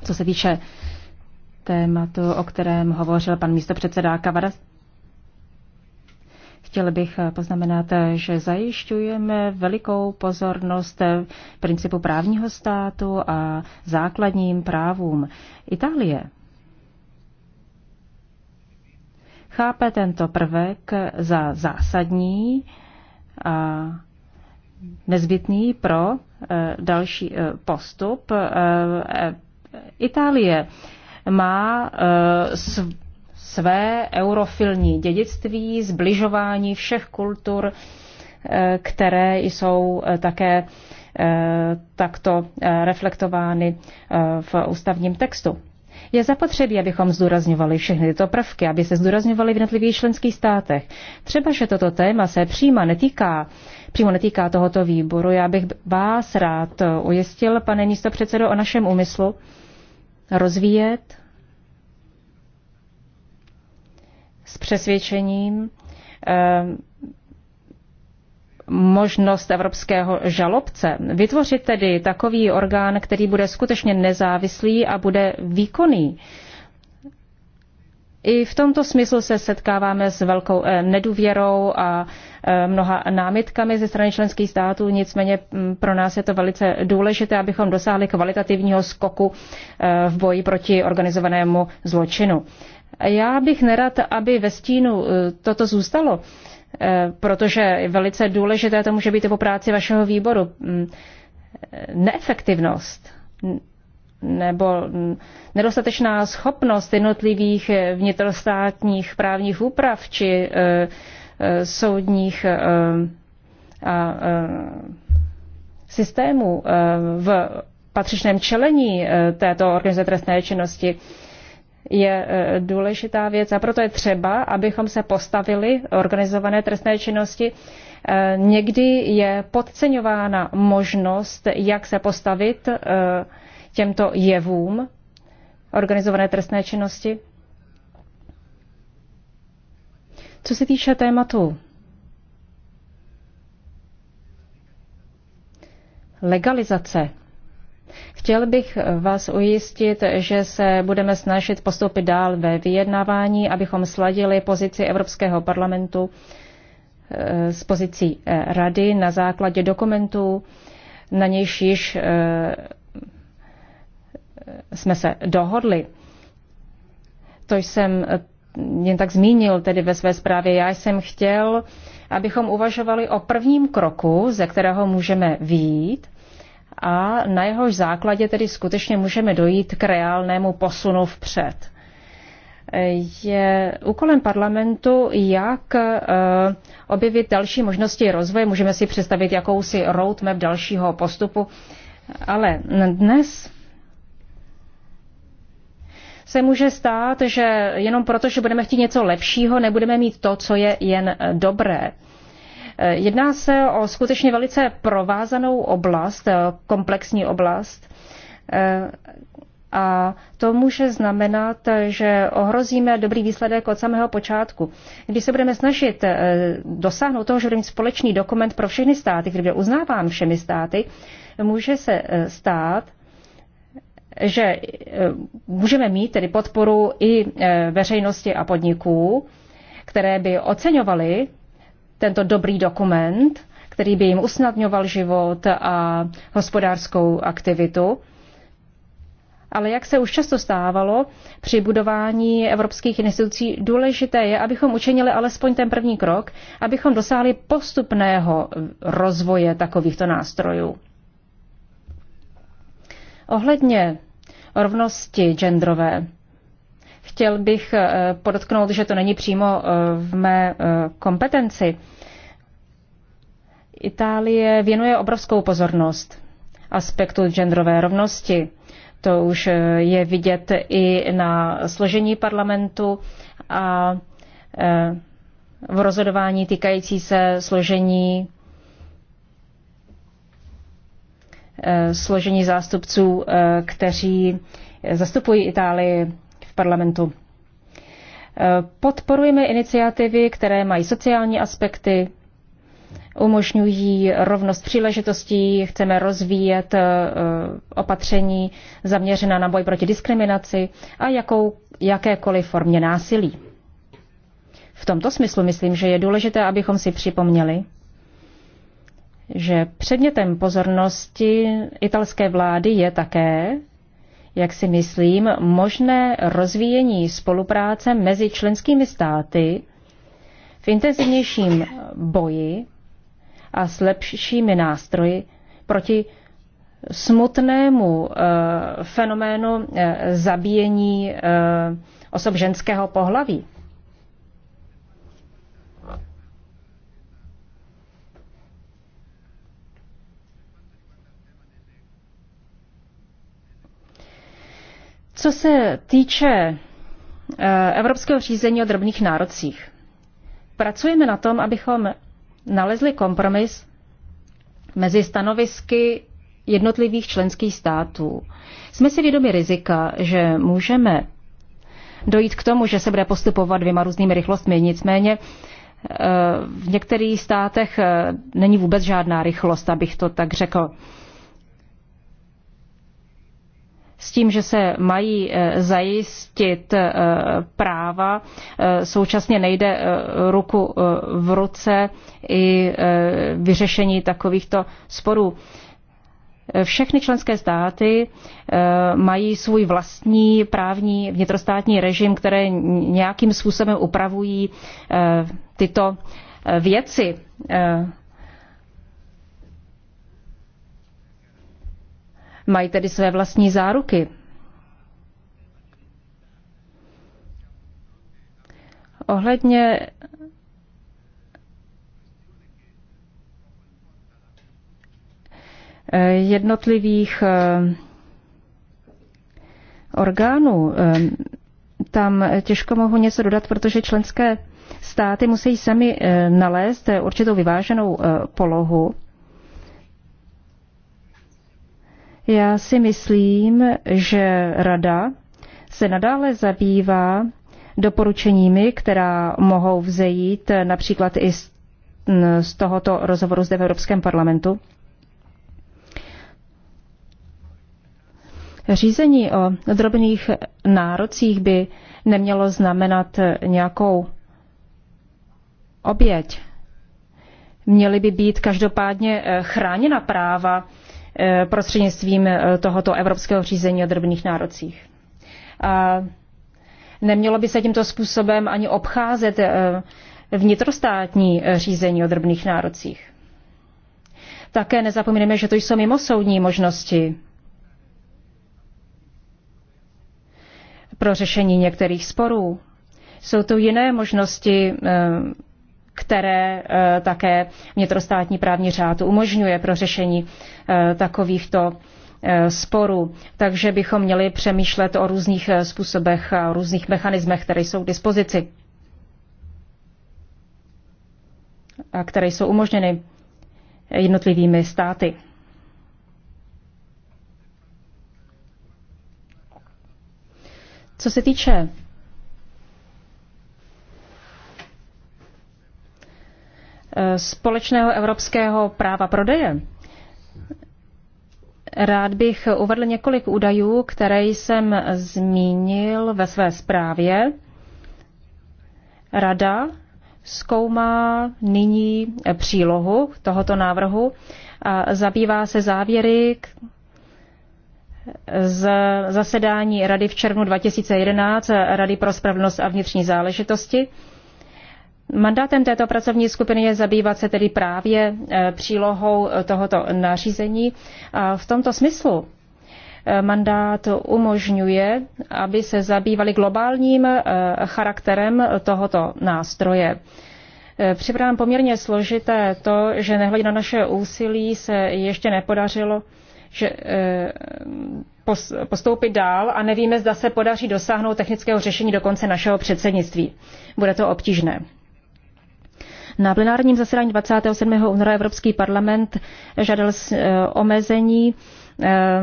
Co se týče tématu, o kterém hovořil pan místopředseda Kavada, Chtěl bych eh, poznamenat, eh, že zajišťujeme velikou pozornost eh, principu právního státu a základním právům. Itálie chápe tento prvek za zásadní a nezbytný pro další postup. Itálie má své eurofilní dědictví, zbližování všech kultur, eh, které jsou eh, také eh, takto reflektovány v ústavním textu. Je zapotřebí, abychom zdůrazňovali všechny tyto prvky, aby se zdůrazňovaly v jednotlivých členských státech. Třeba, že toto téma se přímo netýká, přímo netýká tohoto výboru. Já bych vás rád ujistil, pane místopředsedo, o našem úmyslu rozvíjet s přesvědčením ehm, možnost evropského žalobce. Vytvořit tedy takový orgán, který bude skutečně nezávislý a bude výkonný. I v tomto smyslu se setkáváme s velkou eh, nedůvěrou a eh, mnoha námitkami ze strany členských států, nicméně mm, pro nás je to velice důležité, abychom dosáhli kvalitativního skoku eh, v boji proti organizovanému zločinu. Já bych nerad, aby ve stínu toto zůstalo, protože velice důležité to může být i po práci vašeho výboru. Mm, neefektivnost nebo nedostatečná schopnost jednotlivých vnitrostátních právních úprav či eh, eh, soudních eh, a systémů v patřičném čelení této organizace trestné činnosti je důležitá věc a proto je třeba, abychom se postavili organizované trestné činnosti. Někdy je podceňována možnost, jak se postavit těmto jevům organizované trestné činnosti. Co se týče tématu legalizace, chtěl bych vás ujistit, že se budeme snažit postoupit dál ve vyjednávání, abychom sladili pozici Evropského parlamentu eh, s pozicí eh, Rady na základě dokumentů, na nějž již eh, jsme se dohodli. To jsem eh, jen tak zmínil tedy ve své zprávě. Já jsem chtěl, abychom uvažovali o prvním kroku, ze kterého můžeme výjít a na jehož základě tedy skutečně můžeme dojít k reálnému posunu vpřed. Je úkolem parlamentu, jak eh, objevit další možnosti rozvoje. Můžeme si představit jakousi roadmap dalšího postupu, ale dnes se může stát, že jenom proto, že budeme chtít něco lepšího, nebudeme mít to, co je jen eh, dobré. Eh, jedná se o skutečně velice provázanou oblast, eh, komplexní oblast. A to může znamenat, že ohrozíme dobrý výsledek od samého počátku. Když se budeme snažit dosáhnout toho, že budeme mít společný dokument pro všechny státy, který bude uznáván všemi státy, může se stát, že e, můžeme mít tedy podporu i e, veřejnosti a podniků, které by oceňovaly tento dobrý dokument, který by jim usnadňoval život a hospodářskou aktivitu. Ale jak se už často stávalo, při budování evropských institucí důležité je, abychom učinili alespoň ten první krok, abychom dosáhli postupného rozvoje takovýchto nástrojů. Ohledně rovnosti genderové, chtěl bych eh, podotknout, že to není přímo eh, v mé eh, kompetenci. Itálie věnuje obrovskou pozornost aspektu genderové rovnosti. To už je vidět i na složení parlamentu a v rozhodování týkající se složení Eh, složení zástupců, eh, kteří zastupují Itálii v parlamentu. Eh, podporujeme iniciativy, které mají sociální aspekty, umožňují rovnost příležitostí, chceme rozvíjet opatření zaměřená na boj proti diskriminaci a jakou, jakékoliv formě násilí. V tomto smyslu myslím, že je důležité, abychom si připomněli, že předmětem pozornosti italské vlády je také, jak si myslím, možné rozvíjení spolupráce mezi členskými státy v intenzivnějším boji a s lepšími nástroji proti smutnému e, fenoménu e, zabíjení e, osob ženského pohlaví. Co se týče eh, evropského řízení o drobných nárocích, pracujeme na tom, abychom nalezli kompromis mezi stanovisky jednotlivých členských států. Jsme si vědomi rizika, že můžeme dojít k tomu, že se bude postupovat dvěma různými rychlostmi. Nicméně eh, v některých státech eh, není vůbec žádná rychlost, abych to tak řekl s tím, že se mají eh, zajistit eh, práva, eh, současně nejde ruku v ruce i vyřešení takovýchto sporů. Všechny členské státy mají svůj vlastní právní vnitrostátní režim, které nějakým způsobem upravují tyto věci Mají tedy své vlastní záruky. Ohledně jednotlivých eh, orgánů, eh, tam těžko mohu něco dodat, protože členské státy musí sami eh, nalézt určitou vyváženou polohu Já si myslím, že Rada se nadále zabývá doporučeními, která mohou vzejít například i z tohoto rozhovoru zde v Evropském parlamentu. Řízení o drobných nárocích by nemělo znamenat nějakou oběť. Měly by být každopádně eh, chráněna práva Eh, prostřednictvím eh, tohoto evropského řízení o drobných nárocích. A nemělo by se tímto způsobem ani obcházet eh, vnitrostátní řízení o drobných nárocích. Také nezapomínáme, že to jsou mimosoudní možnosti pro řešení některých sporů. Jsou to jiné možnosti které eh, také vnitrostátní právní řád umožňuje pro řešení eh, takovýchto eh, sporů. Takže bychom měli přemýšlet o různých způsobech a o různých mechanismech, které jsou k dispozici a které jsou umožněny jednotlivými státy. Co se týče společného evropského práva prodeje, rád bych uvedl několik údajů, které jsem zmínil ve své zprávě. Rada zkoumá nyní přílohu tohoto návrhu a zabývá se závěry z zasedání Rady v červnu 2011, Rady pro spravedlnost a vnitřní záležitosti, Mandátem této pracovní skupiny je zabývat se tedy právě eh, přílohou eh, tohoto nařízení. A v tomto smyslu eh, mandát umožňuje, aby se zabývali globálním charakterem tohoto nástroje. Připravám poměrně složité to, že nehledě na naše úsilí se ještě nepodařilo že, postoupit dál a nevíme, zda se podaří dosáhnout technického řešení do konce našeho předsednictví. Bude to obtížné. Na plenárním zasedání 27. února Evropský parlament žádal eh, omezení eh,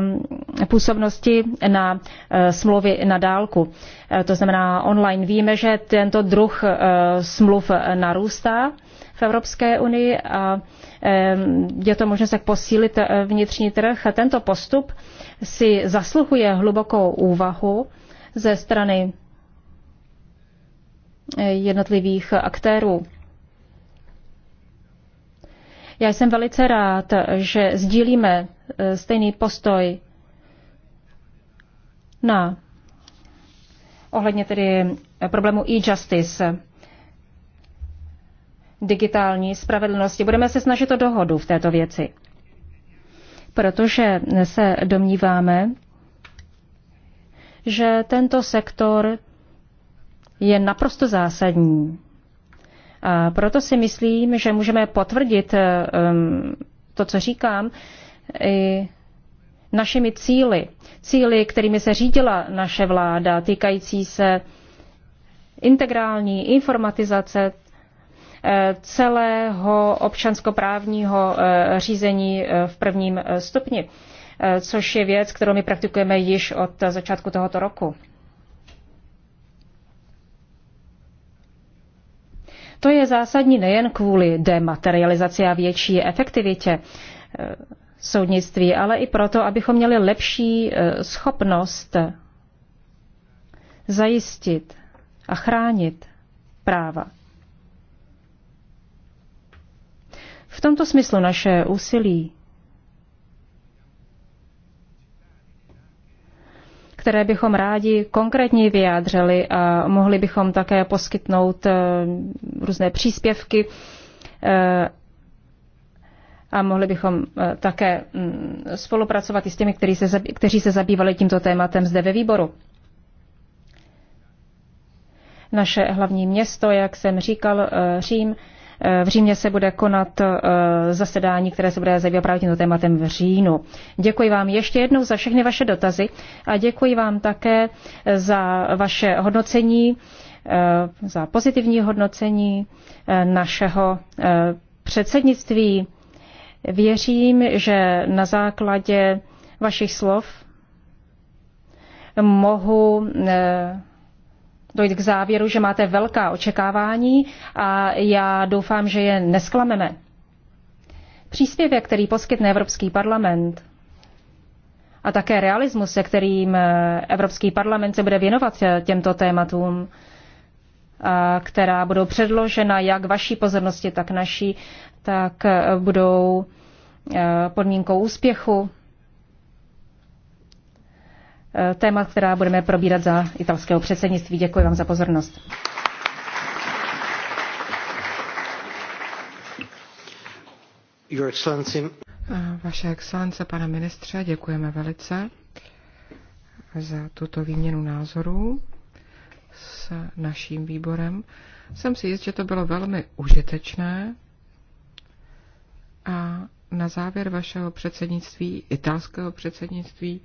působnosti na eh, smlouvy na dálku. To znamená online. Víme, že tento druh smluv narůstá v Evropské unii a je to možnost jak posílit vnitřní trh. Tento postup si zasluhuje hlubokou úvahu ze strany jednotlivých aktérů. Já jsem velice rád, že sdílíme eh, stejný postoj na ohledně tedy eh, problému e-justice, digitální spravedlnosti. Budeme se snažit o dohodu v této věci, protože se domníváme, že tento sektor je naprosto zásadní a proto si myslím, že můžeme potvrdit eh, to, co říkám, i našimi cíly. Cíly, kterými se řídila naše vláda, týkající se integrální informatizace eh, celého občanskoprávního eh, řízení v prvním stupni, což je věc, kterou my praktikujeme již od začátku tohoto roku. To je zásadní nejen kvůli dematerializaci a větší efektivitě eh, soudnictví, ale i proto, abychom měli lepší eh, schopnost zajistit a chránit práva. V tomto smyslu naše úsilí které bychom rádi konkrétně vyjádřili a mohli bychom také poskytnout eh, různé příspěvky eh, a mohli bychom eh, také mm, spolupracovat i s těmi, kteří se, kteří se zabývali tímto tématem zde ve výboru. Naše hlavní město, jak jsem říkal, Řím, v Římě se bude konat eh, zasedání, které se bude zabývat právě tímto tématem v říjnu. Děkuji vám ještě jednou za všechny vaše dotazy a děkuji vám také za vaše hodnocení, eh, za pozitivní hodnocení eh, našeho předsednictví. Věřím, že na základě vašich slov mohu dojít k závěru, že máte velká očekávání a já doufám, že je nesklameme. Příspěvek, který poskytne Evropský parlament a také realismus, se kterým eh, Evropský parlament se bude věnovat eh, těmto tématům, která budou předložena jak vaší pozornosti, tak naší, tak eh, budou podmínkou úspěchu Eh, téma, která budeme probírat za italského předsednictví. Děkuji vám za pozornost. Your Excellency. Eh, Vaše excelence, pane ministře, děkujeme velice za tuto výměnu názorů s naším výborem. Jsem si jist, že to bylo velmi užitečné a na závěr vašeho předsednictví, italského předsednictví,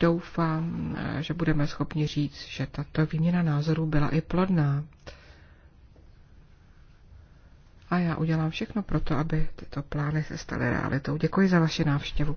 doufám, že budeme schopni říct, že tato výměna názorů byla i plodná. A já udělám všechno pro to, aby tyto plány se staly realitou. Děkuji za vaši návštěvu.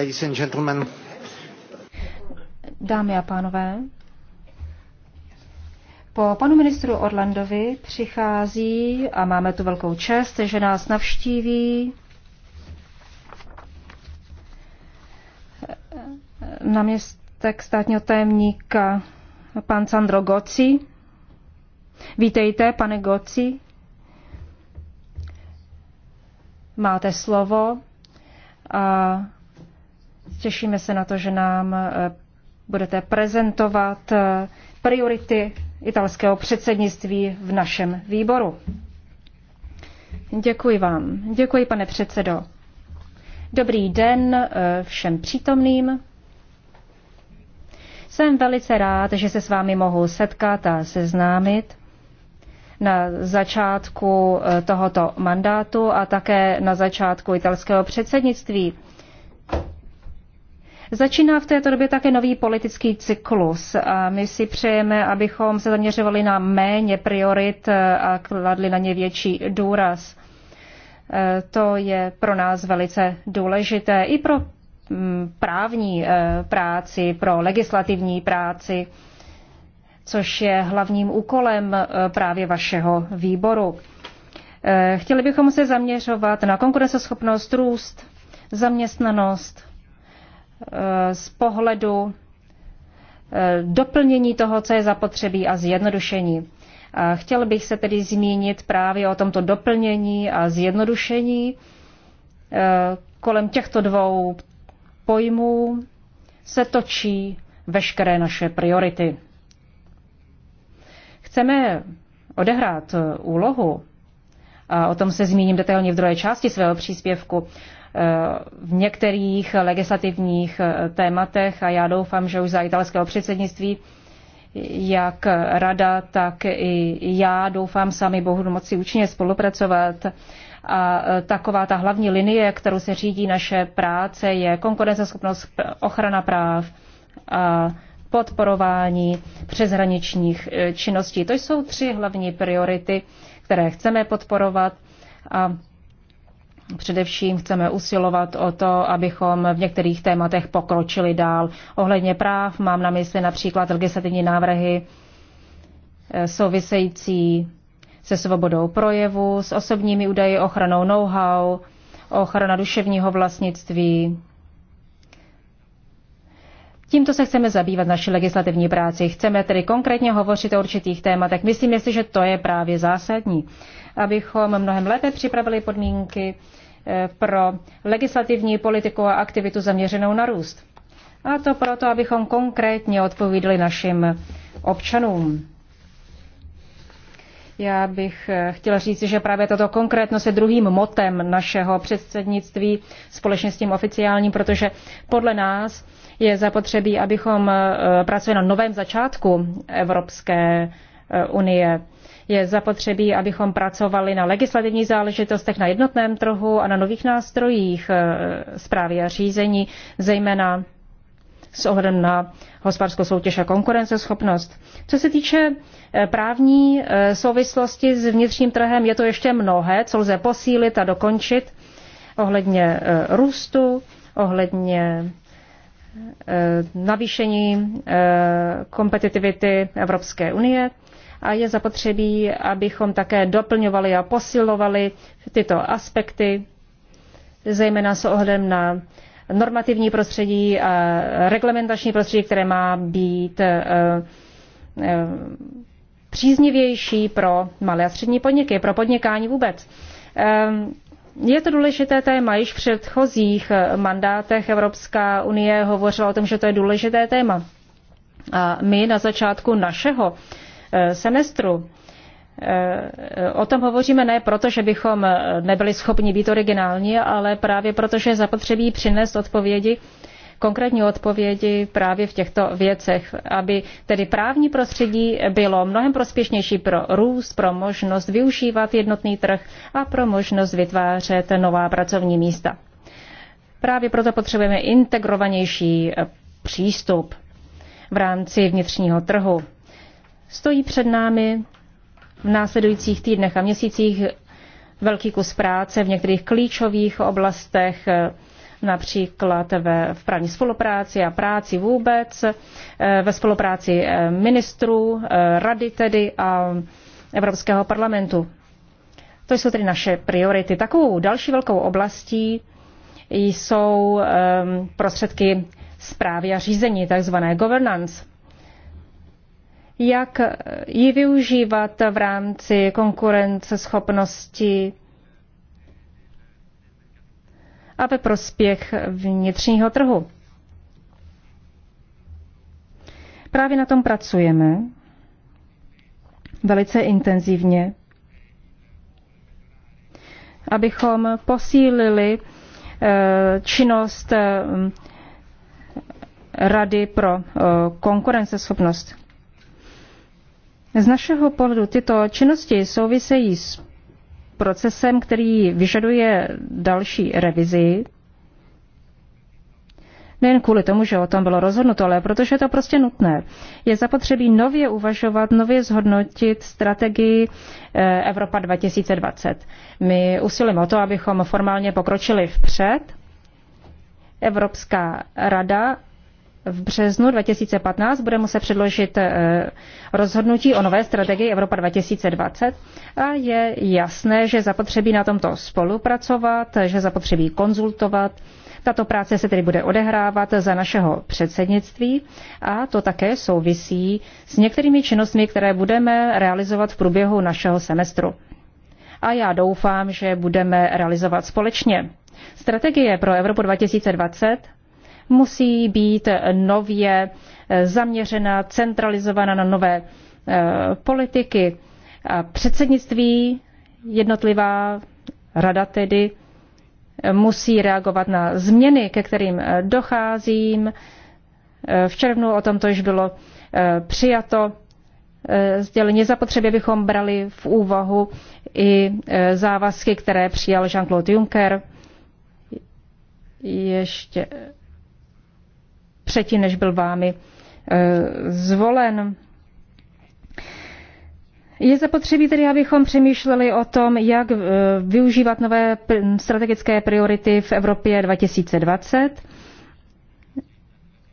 ladies and gentlemen. Dámy a pánové, po panu ministru Orlandovi přichází, a máme tu velkou čest, že nás navštíví na městek státního tajemníka pan Sandro Goci. Vítejte, pane Goci. Máte slovo. A Těšíme se na to, že nám eh, budete prezentovat eh, priority italského předsednictví v našem výboru. Děkuji vám. Děkuji, pane předsedo. Dobrý den eh, všem přítomným. Jsem velice rád, že se s vámi mohu setkat a seznámit na začátku tohoto mandátu a také na začátku italského předsednictví. Začíná v této době také nový politický cyklus a my si přejeme, abychom se zaměřovali na méně priorit a kladli na ně větší důraz. E, to je pro nás velice důležité i pro mm, právní e, práci, pro legislativní práci, což je hlavním úkolem e, právě vašeho výboru. Chtěli bychom se zaměřovat na konkurenceschopnost, růst, zaměstnanost, Eh, z pohledu eh, doplnění toho, co je zapotřebí a zjednodušení. chtěl bych se tedy zmínit právě o tomto doplnění a zjednodušení eh, kolem těchto dvou pojmů se točí veškeré naše priority. Chceme odehrát úlohu, a o tom se zmíním detailně v druhé části svého příspěvku, Eh, v některých legislativních eh, tématech a já doufám, že už za italského předsednictví jak rada, tak i já doufám sami bohu moci účinně spolupracovat. A eh, taková ta hlavní linie, kterou se řídí naše práce, je konkurenceschopnost, ochrana práv a podporování přeshraničních činností. To jsou tři hlavní priority, které chceme podporovat a Především chceme usilovat o to, abychom v některých tématech pokročili dál. Ohledně práv mám na mysli například legislativní návrhy eh, související se svobodou projevu, s osobními údaji, ochranou know-how, ochrana duševního vlastnictví. Tímto se chceme zabývat naší legislativní práci. Chceme tedy konkrétně hovořit o určitých tématech. Myslím si, že to je právě zásadní, abychom mnohem lépe připravili podmínky pro legislativní politiku a aktivitu zaměřenou na růst. A to proto, abychom konkrétně odpovídali našim občanům. Já bych eh, chtěla říct, že právě tato konkrétnost je druhým motem našeho předsednictví společně s tím oficiálním, protože podle nás je zapotřebí, abychom eh, pracovali na novém začátku Evropské eh, unie. Je zapotřebí, abychom pracovali na legislativních záležitostech, na jednotném trhu a na nových nástrojích eh, zprávy a řízení, zejména s ohledem na hospodářskou soutěž a konkurenceschopnost. Co se týče eh, právní eh, souvislosti s vnitřním trhem, je to ještě mnohé, co lze posílit a dokončit ohledně růstu, ohledně navýšení kompetitivity Evropské unie a je zapotřebí, abychom také doplňovali a posilovali tyto aspekty, zejména s ohledem na normativní prostředí a reglementační prostředí, které má být eh, eh, příznivější pro malé a střední podniky, pro podnikání vůbec. Eh, je to důležité téma. Již v předchozích mandátech Evropská unie hovořila o tom, že to je důležité téma. A my na začátku našeho Eh, semestru. Eh, o tom hovoříme ne proto, že bychom eh, nebyli schopni být originální, ale právě proto, že zapotřebí přinést odpovědi, konkrétní odpovědi právě v těchto věcech, aby tedy právní prostředí bylo mnohem prospěšnější pro růst, pro možnost využívat jednotný trh a pro možnost vytvářet nová pracovní místa. Právě proto potřebujeme integrovanější přístup v rámci vnitřního trhu. Stojí před námi v následujících týdnech a měsících velký kus práce v některých klíčových oblastech, například ve, v právní spolupráci a práci vůbec, eh, ve spolupráci eh, ministrů, eh, rady tedy a Evropského parlamentu. To jsou tedy naše priority. Takovou další velkou oblastí jsou ehm, prostředky zprávy a řízení, takzvané governance jak ji využívat v rámci konkurenceschopnosti a ve prospěch vnitřního trhu. Právě na tom pracujeme velice intenzivně, abychom posílili eh, činnost eh, Rady pro eh, konkurenceschopnost. Z našeho pohledu tyto činnosti souvisejí s procesem, který vyžaduje další revizi. Nejen kvůli tomu, že o tom bylo rozhodnuto, ale protože je to prostě nutné. Je zapotřebí nově uvažovat, nově zhodnotit strategii eh, Evropa 2020. My usilujeme o to, abychom formálně pokročili vpřed. Evropská rada v březnu 2015 bude muset předložit eh, rozhodnutí o nové strategii Evropa 2020 a je jasné, že zapotřebí na tomto spolupracovat, že zapotřebí konzultovat. Tato práce se tedy bude odehrávat za našeho předsednictví a to také souvisí s některými činnostmi, které budeme realizovat v průběhu našeho semestru. A já doufám, že budeme realizovat společně. Strategie pro Evropu 2020 musí být nově eh, zaměřena, centralizována na nové eh, politiky. A předsednictví jednotlivá rada tedy eh, musí reagovat na změny, ke kterým docházím. V červnu o tom to již bylo přijato sdělení zapotřebí, bychom brali v úvahu i závazky, které přijal Jean-Claude Juncker. Ještě předtím, než byl vámi eh, zvolen. Je zapotřebí tedy, abychom přemýšleli o tom, jak eh, využívat nové strategické priority v Evropě 2020.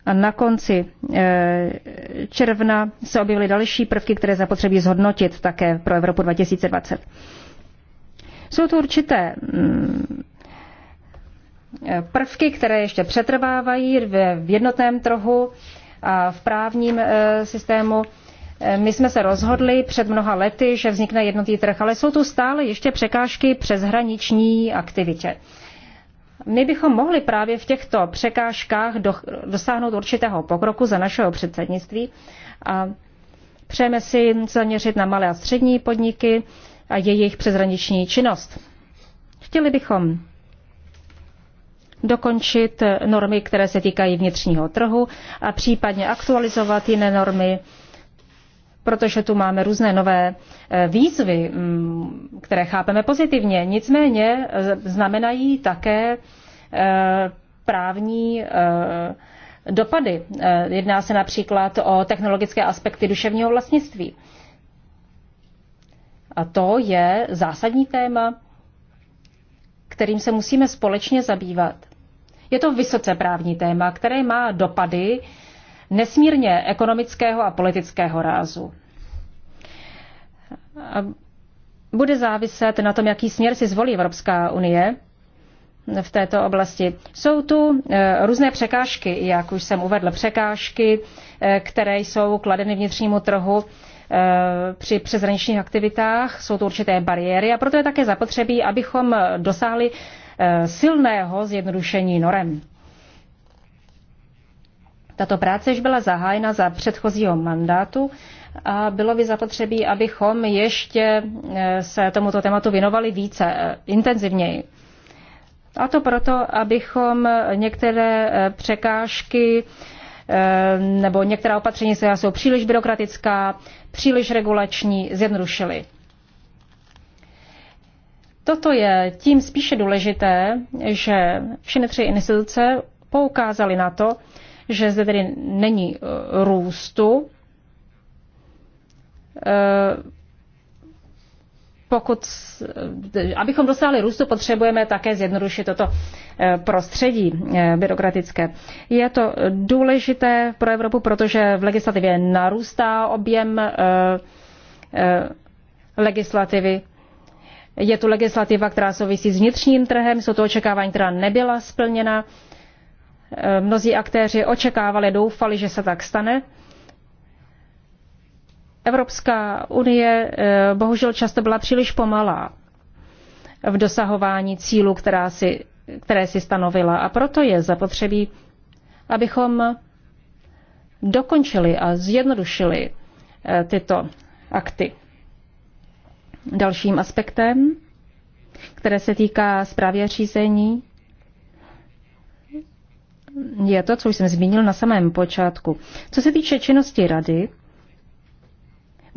A na konci eh, června se objevily další prvky, které zapotřebí zhodnotit také pro Evropu 2020. Jsou to určité mm, prvky, které ještě přetrvávají v jednotném trhu a v právním e, systému. E, my jsme se rozhodli před mnoha lety, že vznikne jednotný trh, ale jsou tu stále ještě překážky přeshraniční aktivitě. My bychom mohli právě v těchto překážkách dosáhnout určitého pokroku za našeho předsednictví a přejeme si zaměřit na malé a střední podniky a jejich přeshraniční činnost. Chtěli bychom dokončit normy, které se týkají vnitřního trhu a případně aktualizovat jiné normy, protože tu máme různé nové eh, výzvy, mm, které chápeme pozitivně. Nicméně eh, znamenají také eh, právní dopady. Jedná se například o technologické aspekty duševního vlastnictví. A to je zásadní téma kterým se musíme společně zabývat. Je to vysoce právní téma, které má dopady nesmírně ekonomického a politického rázu. Bude záviset na tom, jaký směr si zvolí Evropská unie v této oblasti. Jsou tu e, různé překážky, jak už jsem uvedl, překážky, e, které jsou kladeny vnitřnímu trhu Eh, při přezraničních aktivitách. Jsou to určité bariéry a proto je také zapotřebí, abychom dosáhli eh, silného zjednodušení norem. Tato práce již byla zahájena za předchozího mandátu a bylo by zapotřebí, abychom ještě eh, se tomuto tématu věnovali více, intenzivněji. A to proto, abychom některé překážky nebo některá opatření, která jsou příliš byrokratická, příliš regulační zjednodušili. Toto je tím spíše důležité, že všechny tři instituce poukázaly na to, že zde tedy není e, růstu e, pokud, e, abychom dosáhli růstu, potřebujeme také zjednodušit toto e, prostředí e, byrokratické. Je to důležité pro Evropu, protože v legislativě narůstá objem legislativy. Je tu legislativa, která souvisí s vnitřním trhem, jsou to očekávání, která nebyla splněna. Mnozí aktéři očekávali, doufali, že se tak stane Evropská unie eh, bohužel často byla příliš pomalá v dosahování cílů, která si, které si stanovila. A proto je zapotřebí, abychom dokončili a zjednodušili eh, tyto akty. Dalším aspektem, které se týká zprávě řízení, je to, co už jsem zmínil na samém počátku. Co se týče činnosti rady,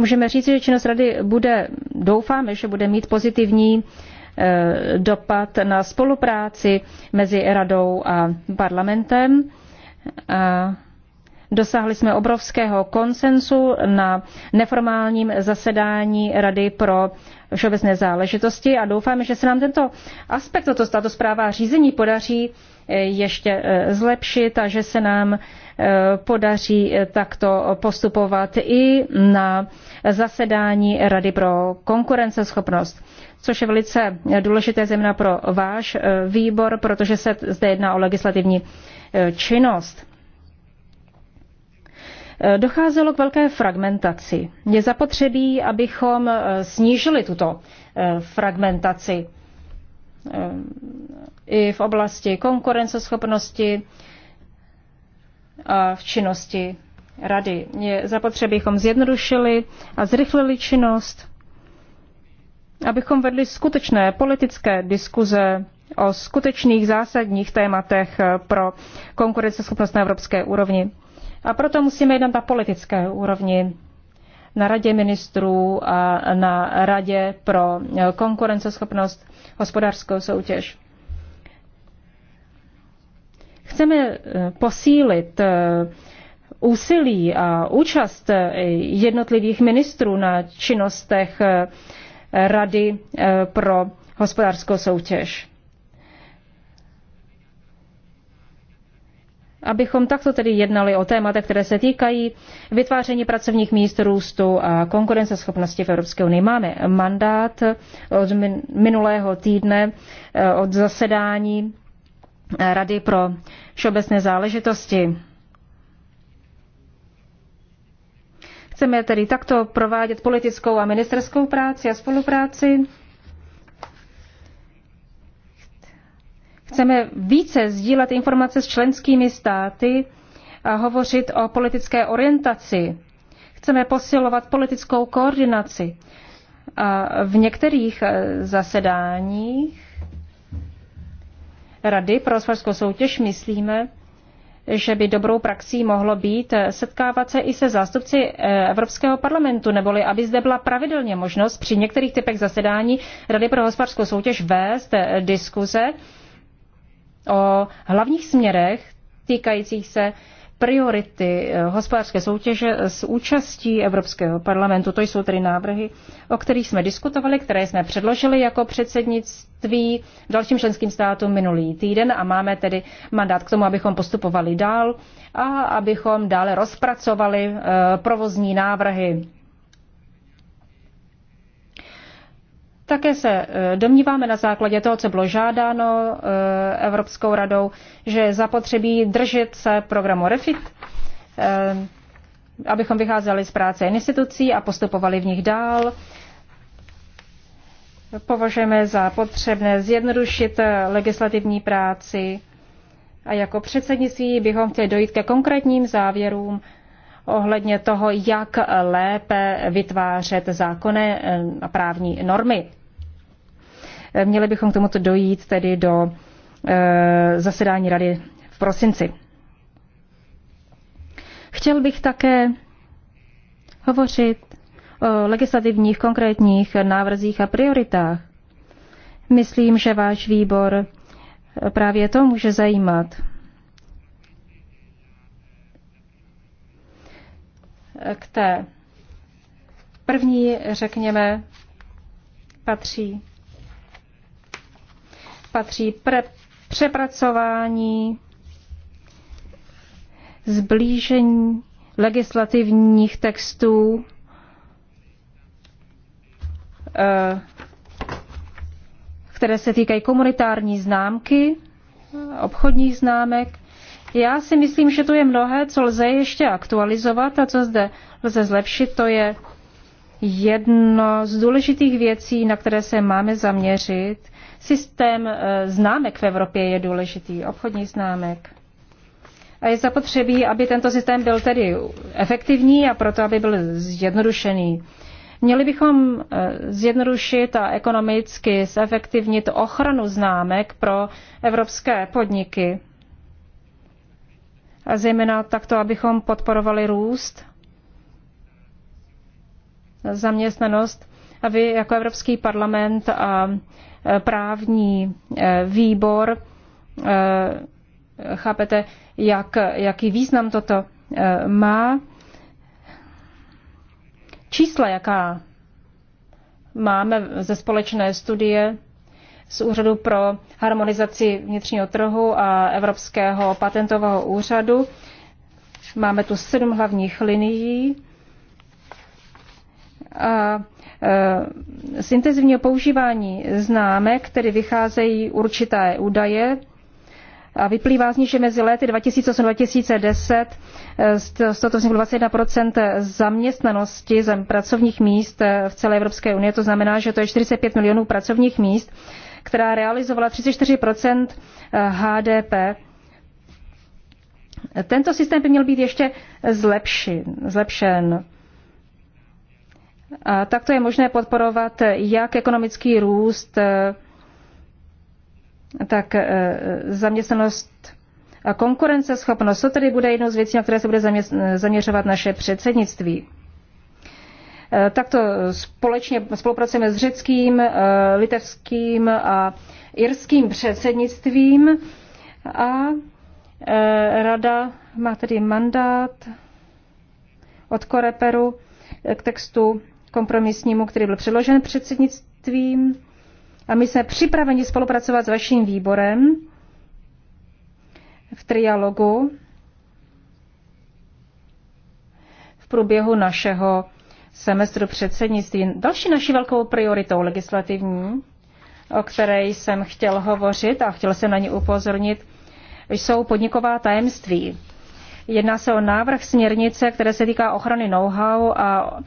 Můžeme říct, že činnost rady bude, doufáme, že bude mít pozitivní eh, dopad na spolupráci mezi radou a parlamentem. A dosáhli jsme obrovského konsensu na neformálním zasedání Rady pro všeobecné záležitosti a doufáme, že se nám tento aspekt, toto, tato zpráva řízení podaří eh, ještě eh, zlepšit a že se nám podaří eh, takto postupovat i na zasedání Rady pro konkurenceschopnost což je velice důležité zejména pro váš eh, výbor, protože se zde jedná o legislativní eh, činnost. Docházelo k velké fragmentaci. Je zapotřebí, abychom snížili tuto fragmentaci i v oblasti konkurenceschopnosti, v činnosti rady. Je zapotřebí, abychom zjednodušili a zrychlili činnost, abychom vedli skutečné politické diskuze o skutečných zásadních tématech e, pro konkurenceschopnost na evropské úrovni. A proto musíme jednat na politické úrovni, na radě ministrů a na radě pro konkurenceschopnost hospodářskou soutěž. Chceme eh, posílit eh, úsilí a účast eh, jednotlivých ministrů na činnostech Rady pro hospodářskou soutěž. Abychom takto tedy jednali o tématech, které se týkají vytváření pracovních míst, růstu a konkurenceschopnosti v Evropské unii. Máme mandát od minulého týdne, od zasedání Rady pro všeobecné záležitosti. Chceme tedy takto provádět politickou a ministerskou práci a spolupráci. Chceme více sdílet informace s členskými státy a hovořit o politické orientaci. Chceme posilovat politickou koordinaci. A v některých eh, zasedáních Rady pro hospodářskou soutěž myslíme, že by dobrou praxí mohlo být setkávat se i se zástupci eh, Evropského parlamentu, neboli aby zde byla pravidelně možnost při některých typech zasedání Rady pro hospodářskou soutěž vést eh, diskuze o hlavních směrech týkajících se priority eh, hospodářské soutěže s účastí Evropského parlamentu. To jsou tedy návrhy, o kterých jsme diskutovali, které jsme předložili jako předsednictví dalším členským státům minulý týden a máme tedy mandát k tomu, abychom postupovali dál a abychom dále rozpracovali eh, provozní návrhy Také se eh, domníváme na základě toho, co bylo žádáno eh, Evropskou radou, že je zapotřebí držet se programu REFIT, eh, abychom vycházeli z práce institucí a postupovali v nich dál. Považujeme za potřebné zjednodušit legislativní práci a jako předsednictví bychom chtěli dojít ke konkrétním závěrům ohledně toho, jak lépe vytvářet zákony a právní normy. Eh, měli bychom k tomuto dojít tedy do eh, zasedání rady v prosinci. Chtěl bych také hovořit o legislativních konkrétních návrzích a prioritách. Myslím, že váš výbor právě to může zajímat. K té první, řekněme, patří patří pre, přepracování, zblížení legislativních textů, eh, které se týkají komunitární známky, obchodních známek. Já si myslím, že tu je mnohé, co lze ještě aktualizovat a co zde lze zlepšit, to je jedno z důležitých věcí, na které se máme zaměřit, Systém eh, známek v Evropě je důležitý, obchodní známek. A je zapotřebí, aby tento systém byl tedy efektivní a proto, aby byl zjednodušený. Měli bychom eh, zjednodušit a ekonomicky zefektivnit ochranu známek pro evropské podniky. A zejména takto, abychom podporovali růst, zaměstnanost. A vy jako Evropský parlament a právní eh, výbor. Eh, chápete, jak, jaký význam toto eh, má? Čísla, jaká máme ze společné studie z Úřadu pro harmonizaci vnitřního trhu a Evropského patentového úřadu, máme tu sedm hlavních linií a e, z intenzivního používání známek, které vycházejí určité údaje, a vyplývá z ní, že mezi lety 2008 a 2010 z toho vzniklo 21% zaměstnanosti pracovních míst e, v celé Evropské unii. To znamená, že to je 45 milionů pracovních míst, která realizovala 34% e, HDP. Tento systém by měl být ještě zlepšen. zlepšen. A takto je možné podporovat jak ekonomický růst, e, tak e, zaměstnanost a konkurenceschopnost. To tedy bude jednou z věcí, na které se bude e, zaměřovat naše předsednictví. Takto společně spolupracujeme s řeckým, litevským a irským předsednictvím a rada má tedy mandát od Koreperu k textu kompromisnímu, který byl předložen předsednictvím. A my jsme připraveni spolupracovat s vaším výborem v trialogu v průběhu našeho semestru předsednictví. Další naší velkou prioritou legislativní, o které jsem chtěl hovořit a chtěl jsem na ní upozornit, jsou podniková tajemství. Jedná se o návrh směrnice, které se týká ochrany know-how a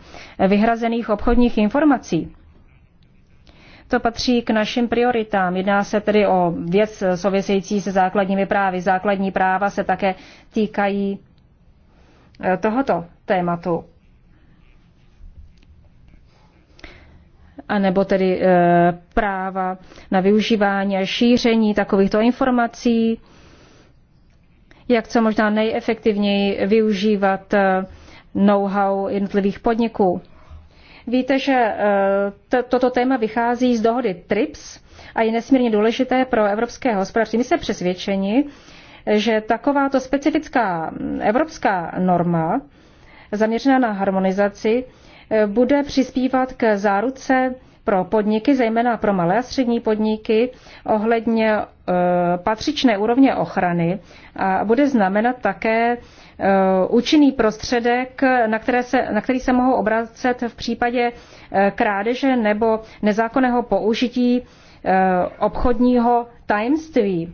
vyhrazených obchodních informací. To patří k našim prioritám. Jedná se tedy o věc související se základními právy. Základní práva se také týkají eh, tohoto tématu. A nebo tedy eh, práva na využívání a šíření takovýchto informací, jak co možná nejefektivněji využívat eh, know-how jednotlivých podniků. Víte, že eh, toto téma vychází z dohody TRIPS a je nesmírně důležité pro evropské hospodářství. My jsme přesvědčeni, že takováto specifická mm, evropská norma zaměřená na harmonizaci eh, bude přispívat k záruce pro podniky, zejména pro malé a střední podniky, ohledně e, patřičné úrovně ochrany a bude znamenat také e, účinný prostředek, na, které se, na který se mohou obracet v případě e, krádeže nebo nezákonného použití obchodního tajemství,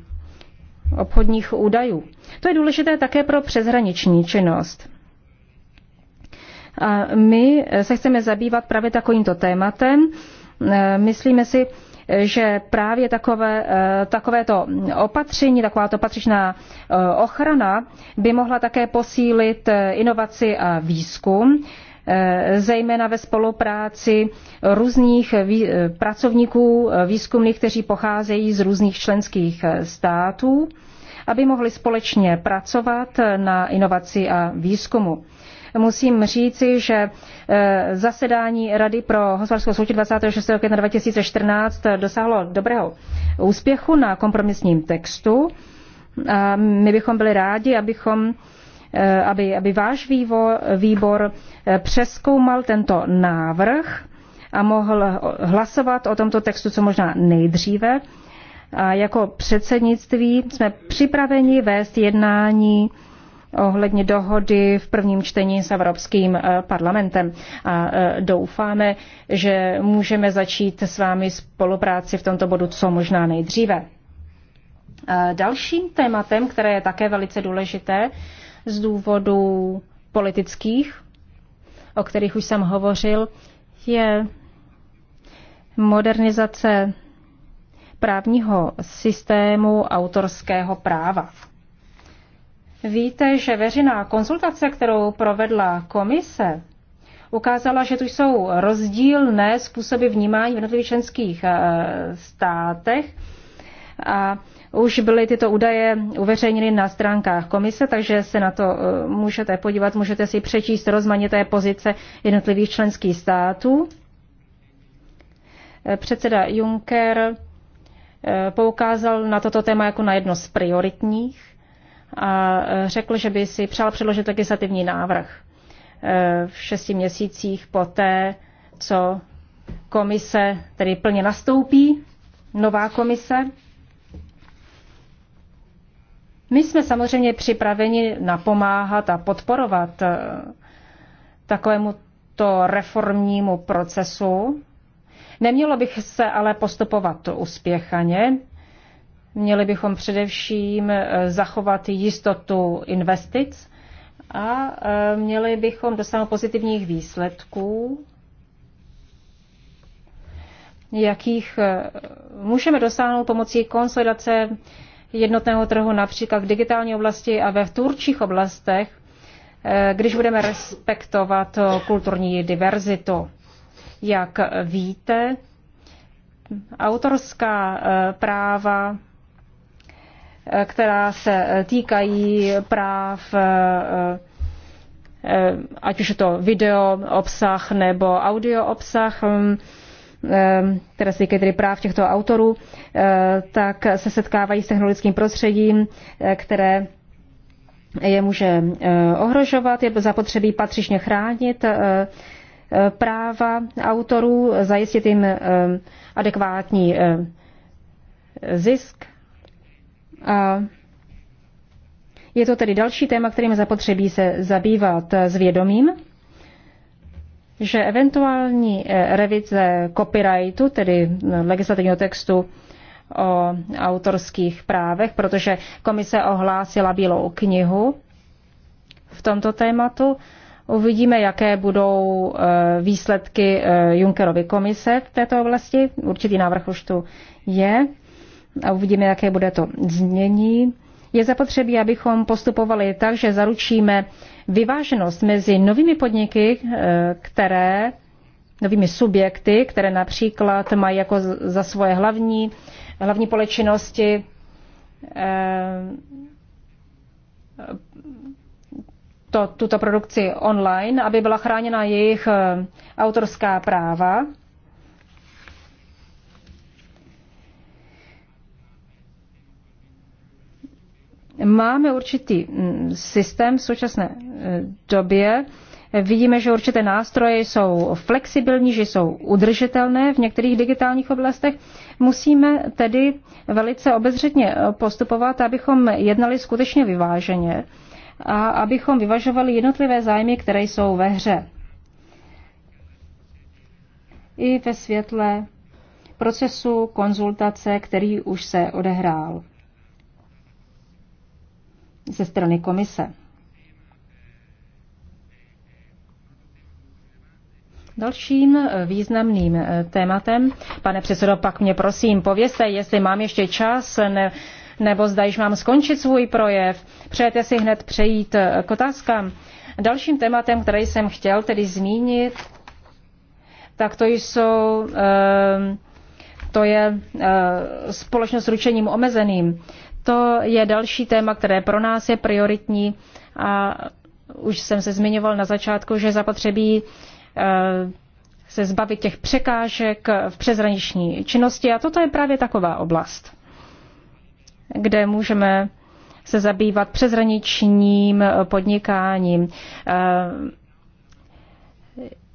obchodních údajů. To je důležité také pro přeshraniční činnost. A my se chceme zabývat právě takovýmto tématem Eh, myslíme si, že právě takové, eh, takovéto opatření, takováto patřičná eh, ochrana by mohla také posílit inovaci a výzkum, zejména ve spolupráci různých vý, pracovníků výzkumných, kteří pocházejí z různých členských států, aby mohli společně pracovat na inovaci a výzkumu musím říci, že eh, zasedání Rady pro hospodářskou soutěž 26. května 2014 dosáhlo dobrého úspěchu na kompromisním textu. A my bychom byli rádi, abychom eh, aby, aby váš výbor, výbor eh, přeskoumal tento návrh a mohl hlasovat o tomto textu co možná nejdříve. A jako předsednictví jsme připraveni vést jednání ohledně dohody v prvním čtení s Evropským eh, parlamentem. A eh, doufáme, že můžeme začít s vámi spolupráci v tomto bodu co možná nejdříve. Dalším tématem, které je také velice důležité z důvodu politických, o kterých už jsem hovořil, je modernizace právního systému autorského práva. Víte, že veřejná konzultace, kterou provedla komise, ukázala, že tu jsou rozdílné způsoby vnímání v jednotlivých členských eh, státech. A už byly tyto údaje uveřejněny na stránkách komise, takže se na to eh, můžete podívat, můžete si přečíst rozmanité pozice jednotlivých členských států. Eh, předseda Juncker poukázal na toto téma jako na jedno z prioritních a e, řekl, že by si přál předložit legislativní návrh e, v šesti měsících poté, co komise tedy plně nastoupí, nová komise. My jsme samozřejmě připraveni napomáhat a podporovat e, takovému to reformnímu procesu. Nemělo bych se ale postupovat uspěchaně. Měli bychom především eh, zachovat jistotu investic a eh, měli bychom dosáhnout pozitivních výsledků, jakých eh, můžeme dosáhnout pomocí konsolidace jednotného trhu například v digitální oblasti a ve tvůrčích oblastech, když budeme respektovat kulturní diverzitu. Jak víte, autorská práva která se týkají práv, eh, eh, ať už je to video obsah nebo audio obsah, hm, eh, které se týkají tedy práv těchto autorů, tak se setkávají s technologickým prostředím, které je může ohrožovat, je zapotřebí patřičně chránit práva autorů, zajistit jim adekvátní zisk a je to tedy další téma, kterým zapotřebí se zabývat s vědomím, že eventuální eh, revize copyrightu, tedy eh, legislativního textu o autorských právech, protože komise ohlásila bílou knihu v tomto tématu, Uvidíme, jaké budou eh, výsledky Junckerovy komise v této oblasti. Určitý návrh už tu je a uvidíme, jaké bude to změní. Je zapotřebí, abychom postupovali tak, že zaručíme vyváženost mezi novými podniky, eh, které novými subjekty, které například mají jako za svoje hlavní, hlavní polečinnosti eh, to, tuto produkci online, aby byla chráněna jejich eh, autorská práva Máme určitý mm, systém v současné e, době. Vidíme, že určité nástroje jsou flexibilní, že jsou udržitelné v některých digitálních oblastech. Musíme tedy velice obezřetně e, postupovat, abychom jednali skutečně vyváženě a abychom vyvažovali jednotlivé zájmy, které jsou ve hře. I ve světle procesu konzultace, který už se odehrál ze strany komise. Dalším eh, významným eh, tématem, pane předsedo, pak mě prosím pověste, jestli mám ještě čas, ne, nebo zda již mám skončit svůj projev. Přejete si hned přejít eh, k otázkám. Dalším tématem, které jsem chtěl tedy zmínit, tak to jsou, to je společnost s ručením omezeným. To je další téma, které pro nás je prioritní a už jsem se zmiňoval na začátku, že zapotřebí e, se zbavit těch překážek v přezraniční činnosti a toto je právě taková oblast, kde můžeme se zabývat přezraničním podnikáním. E,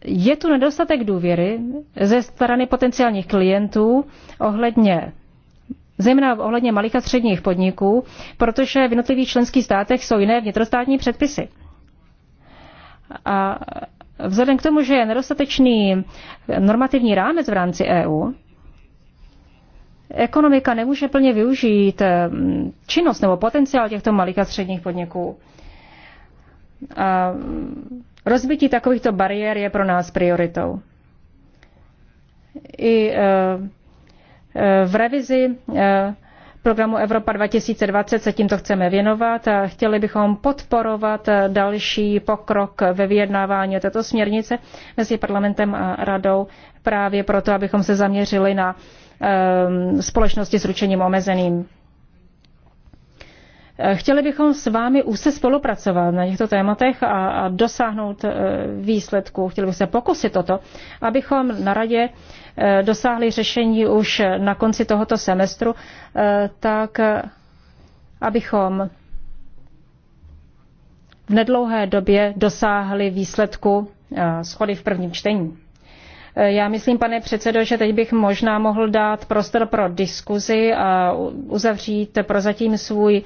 je tu nedostatek důvěry ze strany potenciálních klientů ohledně zejména ohledně malých a středních podniků, protože v jednotlivých členských státech jsou jiné vnitrostátní předpisy. A vzhledem k tomu, že je nedostatečný normativní rámec v rámci EU, ekonomika nemůže plně využít eh, činnost nebo potenciál těchto malých a středních podniků. A rozbití takovýchto bariér je pro nás prioritou. I eh, Eh, v revizi eh, programu Evropa 2020 se tímto chceme věnovat a chtěli bychom podporovat eh, další pokrok ve vyjednávání této směrnice mezi parlamentem a radou právě proto, abychom se zaměřili na společnosti s ručením omezeným. Eh, chtěli bychom s vámi už se spolupracovat na těchto tématech a, a dosáhnout eh, výsledku. Chtěli bychom se pokusit o to, abychom na radě eh, dosáhli řešení už na konci tohoto semestru, tak abychom v nedlouhé době dosáhli výsledku schody v prvním čtení. Já myslím, pane předsedo, že teď bych možná mohl dát prostor pro diskuzi a uzavřít prozatím svůj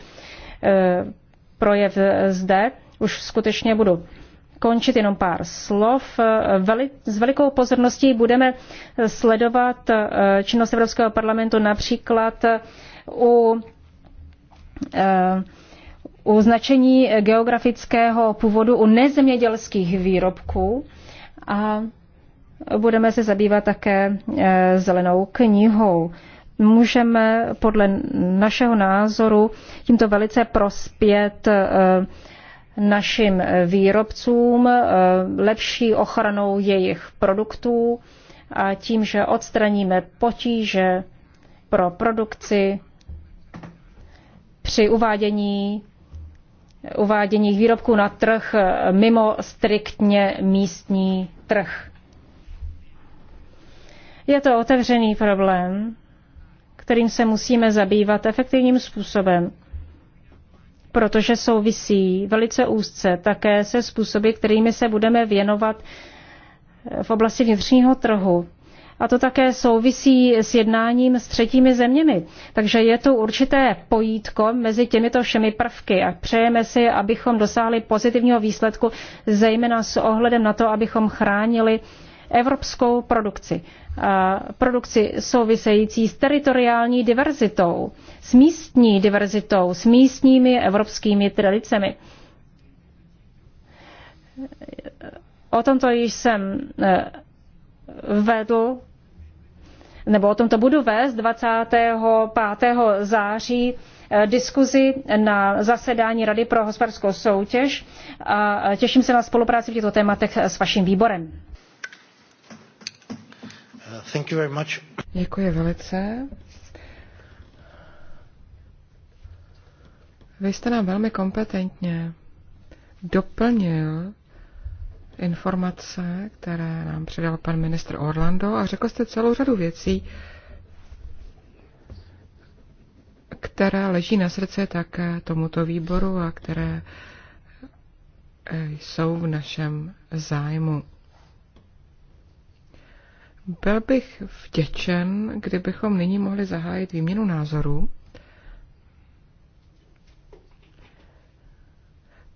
E, projev zde. Už skutečně budu končit jenom pár slov. Veli, s velikou pozorností budeme sledovat e, činnost Evropského parlamentu například u, e, u značení geografického původu u nezemědělských výrobků a budeme se zabývat také zelenou knihou můžeme podle našeho názoru tímto velice prospět eh, našim výrobcům, eh, lepší ochranou jejich produktů a tím, že odstraníme potíže pro produkci při uvádění, uvádění výrobků na trh eh, mimo striktně místní trh. Je to otevřený problém, kterým se musíme zabývat efektivním způsobem, protože souvisí velice úzce také se způsoby, kterými se budeme věnovat v oblasti vnitřního trhu. A to také souvisí s jednáním s třetími zeměmi. Takže je to určité pojítko mezi těmito všemi prvky a přejeme si, abychom dosáhli pozitivního výsledku, zejména s ohledem na to, abychom chránili uh, evropskou produkci. Produkci související s teritoriální diverzitou, s místní diverzitou, s místními evropskými tradicemi. O tomto již jsem e, vedl, nebo o tomto budu vést 25. září e, diskuzi na zasedání Rady pro hospodářskou soutěž a těším se na spolupráci v těchto tématech s vaším výborem thank you very much. Děkuji velice. Vy jste nám velmi kompetentně doplnil informace, které nám předal pan ministr Orlando a řekl jste celou řadu věcí, které leží na srdce také tomuto výboru a které eh, jsou v našem zájmu. Byl bych vděčen, kdybychom nyní mohli zahájit výměnu názorů.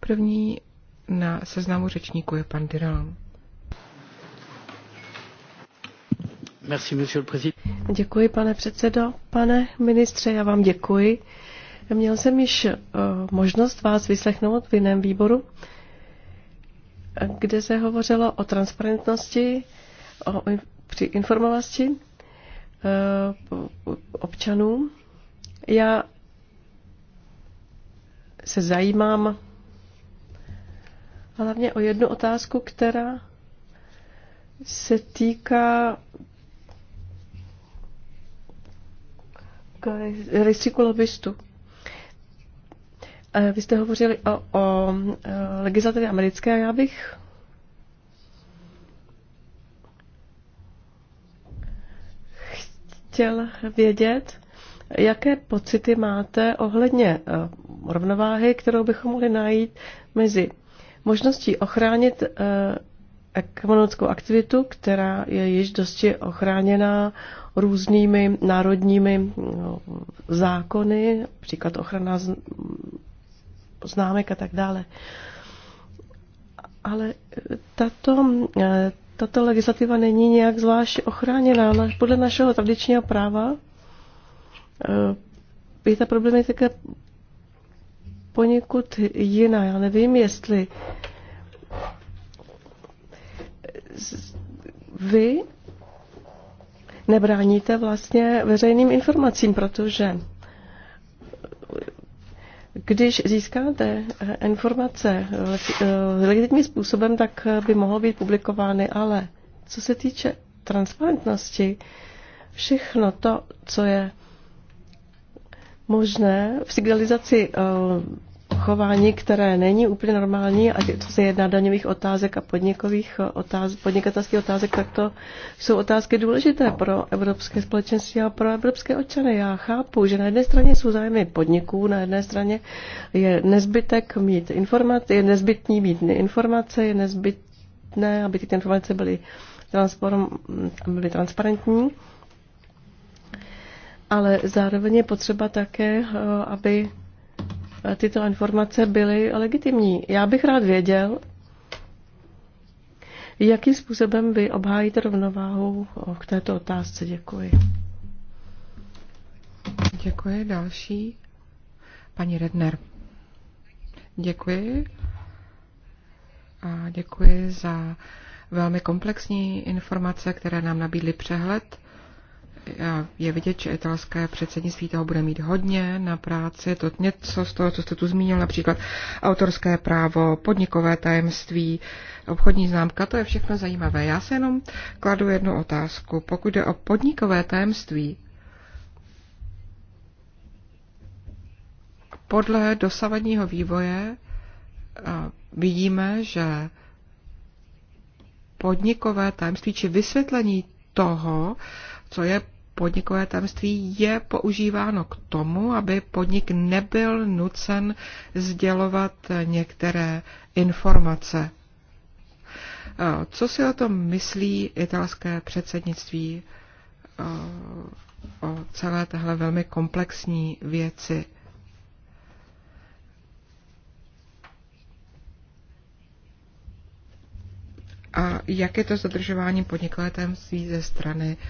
První na seznamu řečníků je pan Dirán. Děkuji, pane předsedo. Pane ministře, já vám děkuji. Měl jsem již eh, možnost vás vyslechnout v jiném výboru, eh, kde se hovořilo o transparentnosti, o při informovanosti eh, občanů. Já se zajímám hlavně o jednu otázku, která se týká lobbystů. Eh, vy jste hovořili o, o eh, legislativě americké a já bych chtěl vědět, jaké pocity máte ohledně eh, rovnováhy, kterou bychom mohli najít mezi možností ochránit eh, ekonomickou aktivitu, která je již dosti ochráněná různými národními eh, zákony, například ochrana známek a tak dále. Ale tato tato legislativa není nějak zvlášť ochráněna. Podle našeho tradičního práva eh, je ta problematika poněkud jiná. Já nevím, jestli vy nebráníte vlastně veřejným informacím, protože když získáte eh, informace eh, eh, legitimním způsobem, tak by mohlo být publikovány, ale co se týče transparentnosti, všechno to, co je možné v signalizaci chování, které není úplně normální, a co se jedná daňových otázek a podnikových eh, otázek, podnikatelských otázek, tak to jsou otázky důležité pro evropské společenství a pro evropské občany. Já chápu, že na jedné straně jsou zájmy podniků, na jedné straně je nezbytek mít informace, je nezbytný mít informace, je nezbytné, aby ty informace byly, transform, byly transparentní ale zároveň je potřeba také, eh, aby tyto informace byly legitimní. Já bych rád věděl, jakým způsobem vy obhájíte rovnováhu k této otázce. Děkuji. Děkuji. Další. Paní Redner. Děkuji. A děkuji za velmi komplexní informace, které nám nabídly přehled je vidět, že italské předsednictví toho bude mít hodně na práci. To něco z toho, co jste tu zmínil, například autorské právo, podnikové tajemství, obchodní známka, to je všechno zajímavé. Já se jenom kladu jednu otázku. Pokud jde o podnikové tajemství, podle dosavadního vývoje vidíme, že podnikové tajemství či vysvětlení toho, co je podnikové tajemství, je používáno k tomu, aby podnik nebyl nucen sdělovat některé informace. Eh, co si o tom myslí italské předsednictví eh, o celé téhle velmi komplexní věci? A jak je to zadržování dodržováním podnikové tajemství ze strany uh,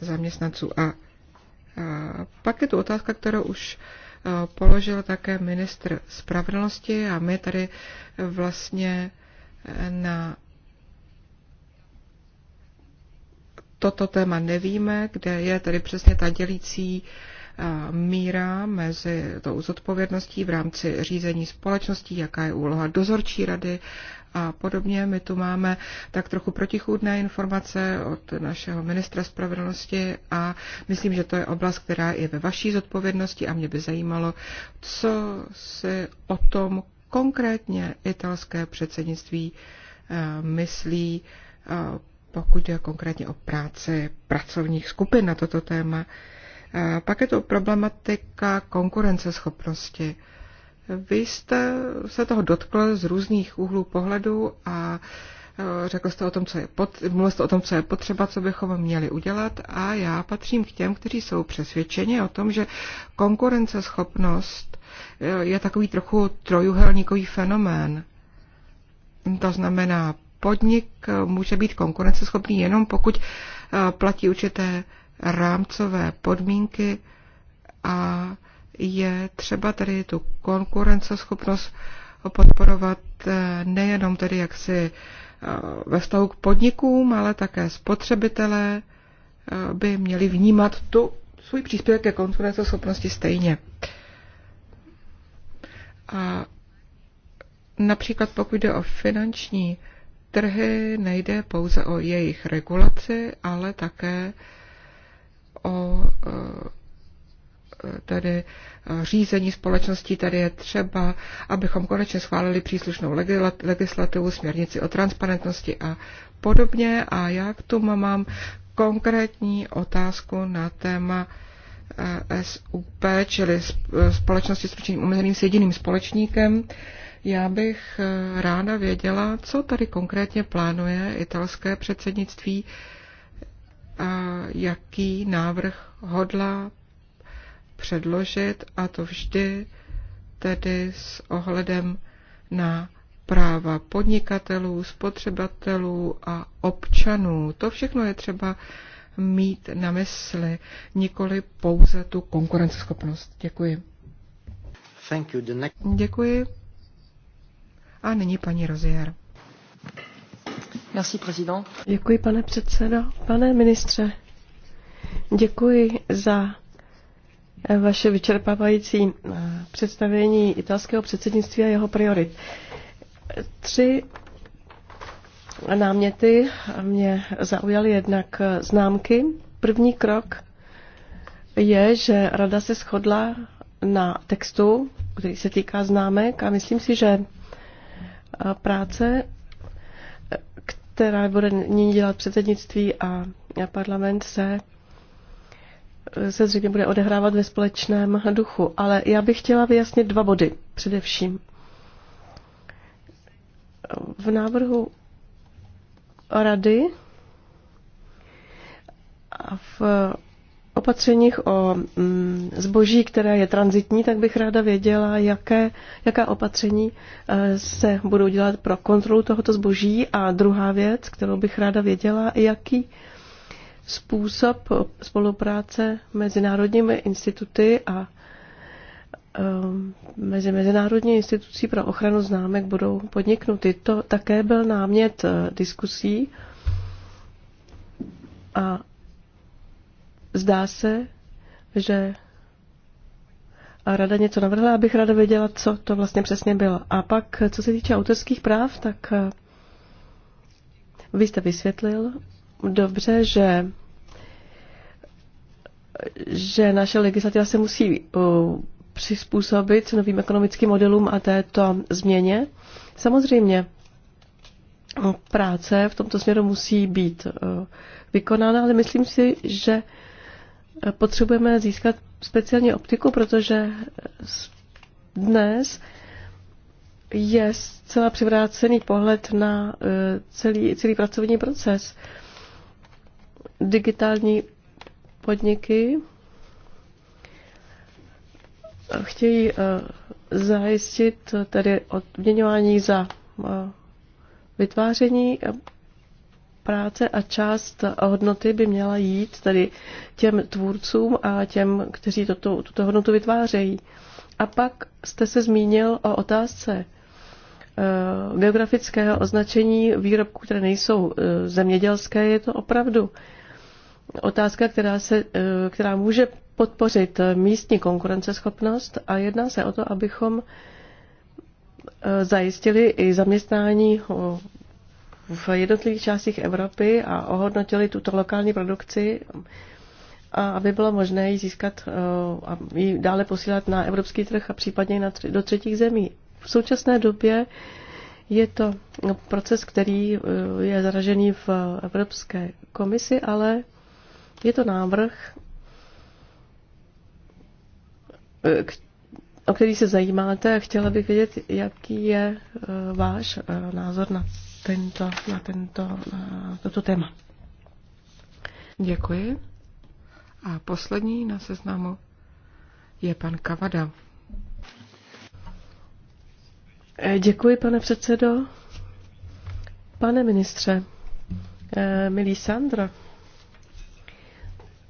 zaměstnanců. A pak je tu otázka, kterou už položil také ministr spravedlnosti a my tady vlastně e, na toto téma nevíme, kde je tady přesně ta dělící e, míra mezi tou zodpovědností v rámci řízení společností, jaká je úloha dozorčí rady a podobně. My tu máme tak trochu protichůdné informace od našeho ministra spravedlnosti a myslím, že to je oblast, která je ve vaší zodpovědnosti a mě by zajímalo, co si o tom konkrétně italské předsednictví eh, myslí, eh, pokud jde konkrétně o práci pracovních skupin na toto téma. Eh, pak je to problematika konkurenceschopnosti. Vy jste se toho dotkl z různých úhlů pohledu a e, řekl jste o tom, co je potřeba, mluvil jste o tom, co je potřeba, co bychom měli udělat a já patřím k těm, kteří jsou přesvědčeni o tom, že konkurenceschopnost e, je takový trochu trojuhelníkový fenomén. To znamená, podnik e, může být konkurenceschopný jenom pokud platí určité rámcové podmínky a je třeba tady tu konkurenceschopnost podporovat eh, nejenom tedy jaksi eh, ve vztahu k podnikům, ale také spotřebitelé eh, by měli vnímat tu svůj příspěvek ke konkurenceschopnosti stejně. A například pokud jde o finanční trhy, nejde pouze o jejich regulaci, ale také o tedy eh, řízení společností, tady je třeba, abychom konečně schválili příslušnou legislativu, směrnici o transparentnosti a podobně. A já k tomu mám konkrétní otázku na téma eh, SUP, čili společnosti s ručením omezeným s jediným společníkem. Já bych eh, ráda věděla, co tady konkrétně plánuje italské předsednictví, a jaký návrh hodla předložit a to vždy tedy s ohledem na práva podnikatelů, spotřebatelů a občanů. To všechno je třeba mít na mysli, nikoli pouze tu konkurenceschopnost. Děkuji. Thank you. The next... Děkuji. A nyní paní Rozier. Merci, Děkuji, pane předsedo. Pane ministře, děkuji za vaše vyčerpávající eh, představení italského předsednictví a jeho priorit. Tři náměty mě zaujaly jednak známky. První krok je, že rada se shodla na textu, který se týká známek a myslím si, že eh, práce, eh, která bude nyní dělat předsednictví a parlament, se se zřejmě bude odehrávat ve společném duchu. Ale já bych chtěla vyjasnit dva body především. V návrhu rady a v opatřeních o mm, zboží, které je transitní, tak bych ráda věděla, jaké, jaká opatření e, se budou dělat pro kontrolu tohoto zboží. A druhá věc, kterou bych ráda věděla, jaký způsob spolupráce mezi mezinárodními instituty a um, mezi Mezinárodní institucí pro ochranu známek budou podniknuty. To také byl námět eh, diskusí a zdá se, že a rada něco navrhla, abych rada věděla, co to vlastně přesně bylo. A pak, co se týče autorských práv, tak eh, vy jste vysvětlil, dobře, že že naše legislativa se musí uh, přizpůsobit novým ekonomickým modelům a této změně. Samozřejmě práce v tomto směru musí být uh, vykonána, ale myslím si, že uh, potřebujeme získat speciální optiku, protože dnes je zcela přivrácený pohled na uh, celý, celý pracovní proces. Uh, digitální podniky chtějí eh, zajistit tedy odměňování za eh, vytváření eh, práce a část hodnoty by měla jít tedy těm tvůrcům a těm, kteří toto, tuto hodnotu vytvářejí. A pak jste se zmínil o otázce geografického označení výrobků, které nejsou zemědělské, je to opravdu otázka, která, se, eh, která může podpořit eh, místní konkurenceschopnost a jedná se o to, abychom eh, zajistili i zaměstnání v jednotlivých částech Evropy a ohodnotili tuto lokální produkci, a aby bylo možné ji získat a ji dále posílat na evropský trh a případně na tři, do třetích zemí. V současné době je to proces, který je zaražený v Evropské komisi, ale je to návrh, eh, o který se zajímáte. Chtěla bych vědět, jaký je eh, váš eh, názor na, tento, na, tento, na toto téma. Děkuji. A poslední na seznamu je pan Kavada. Děkuji, pane předsedo. Pane ministře, milý Sandra,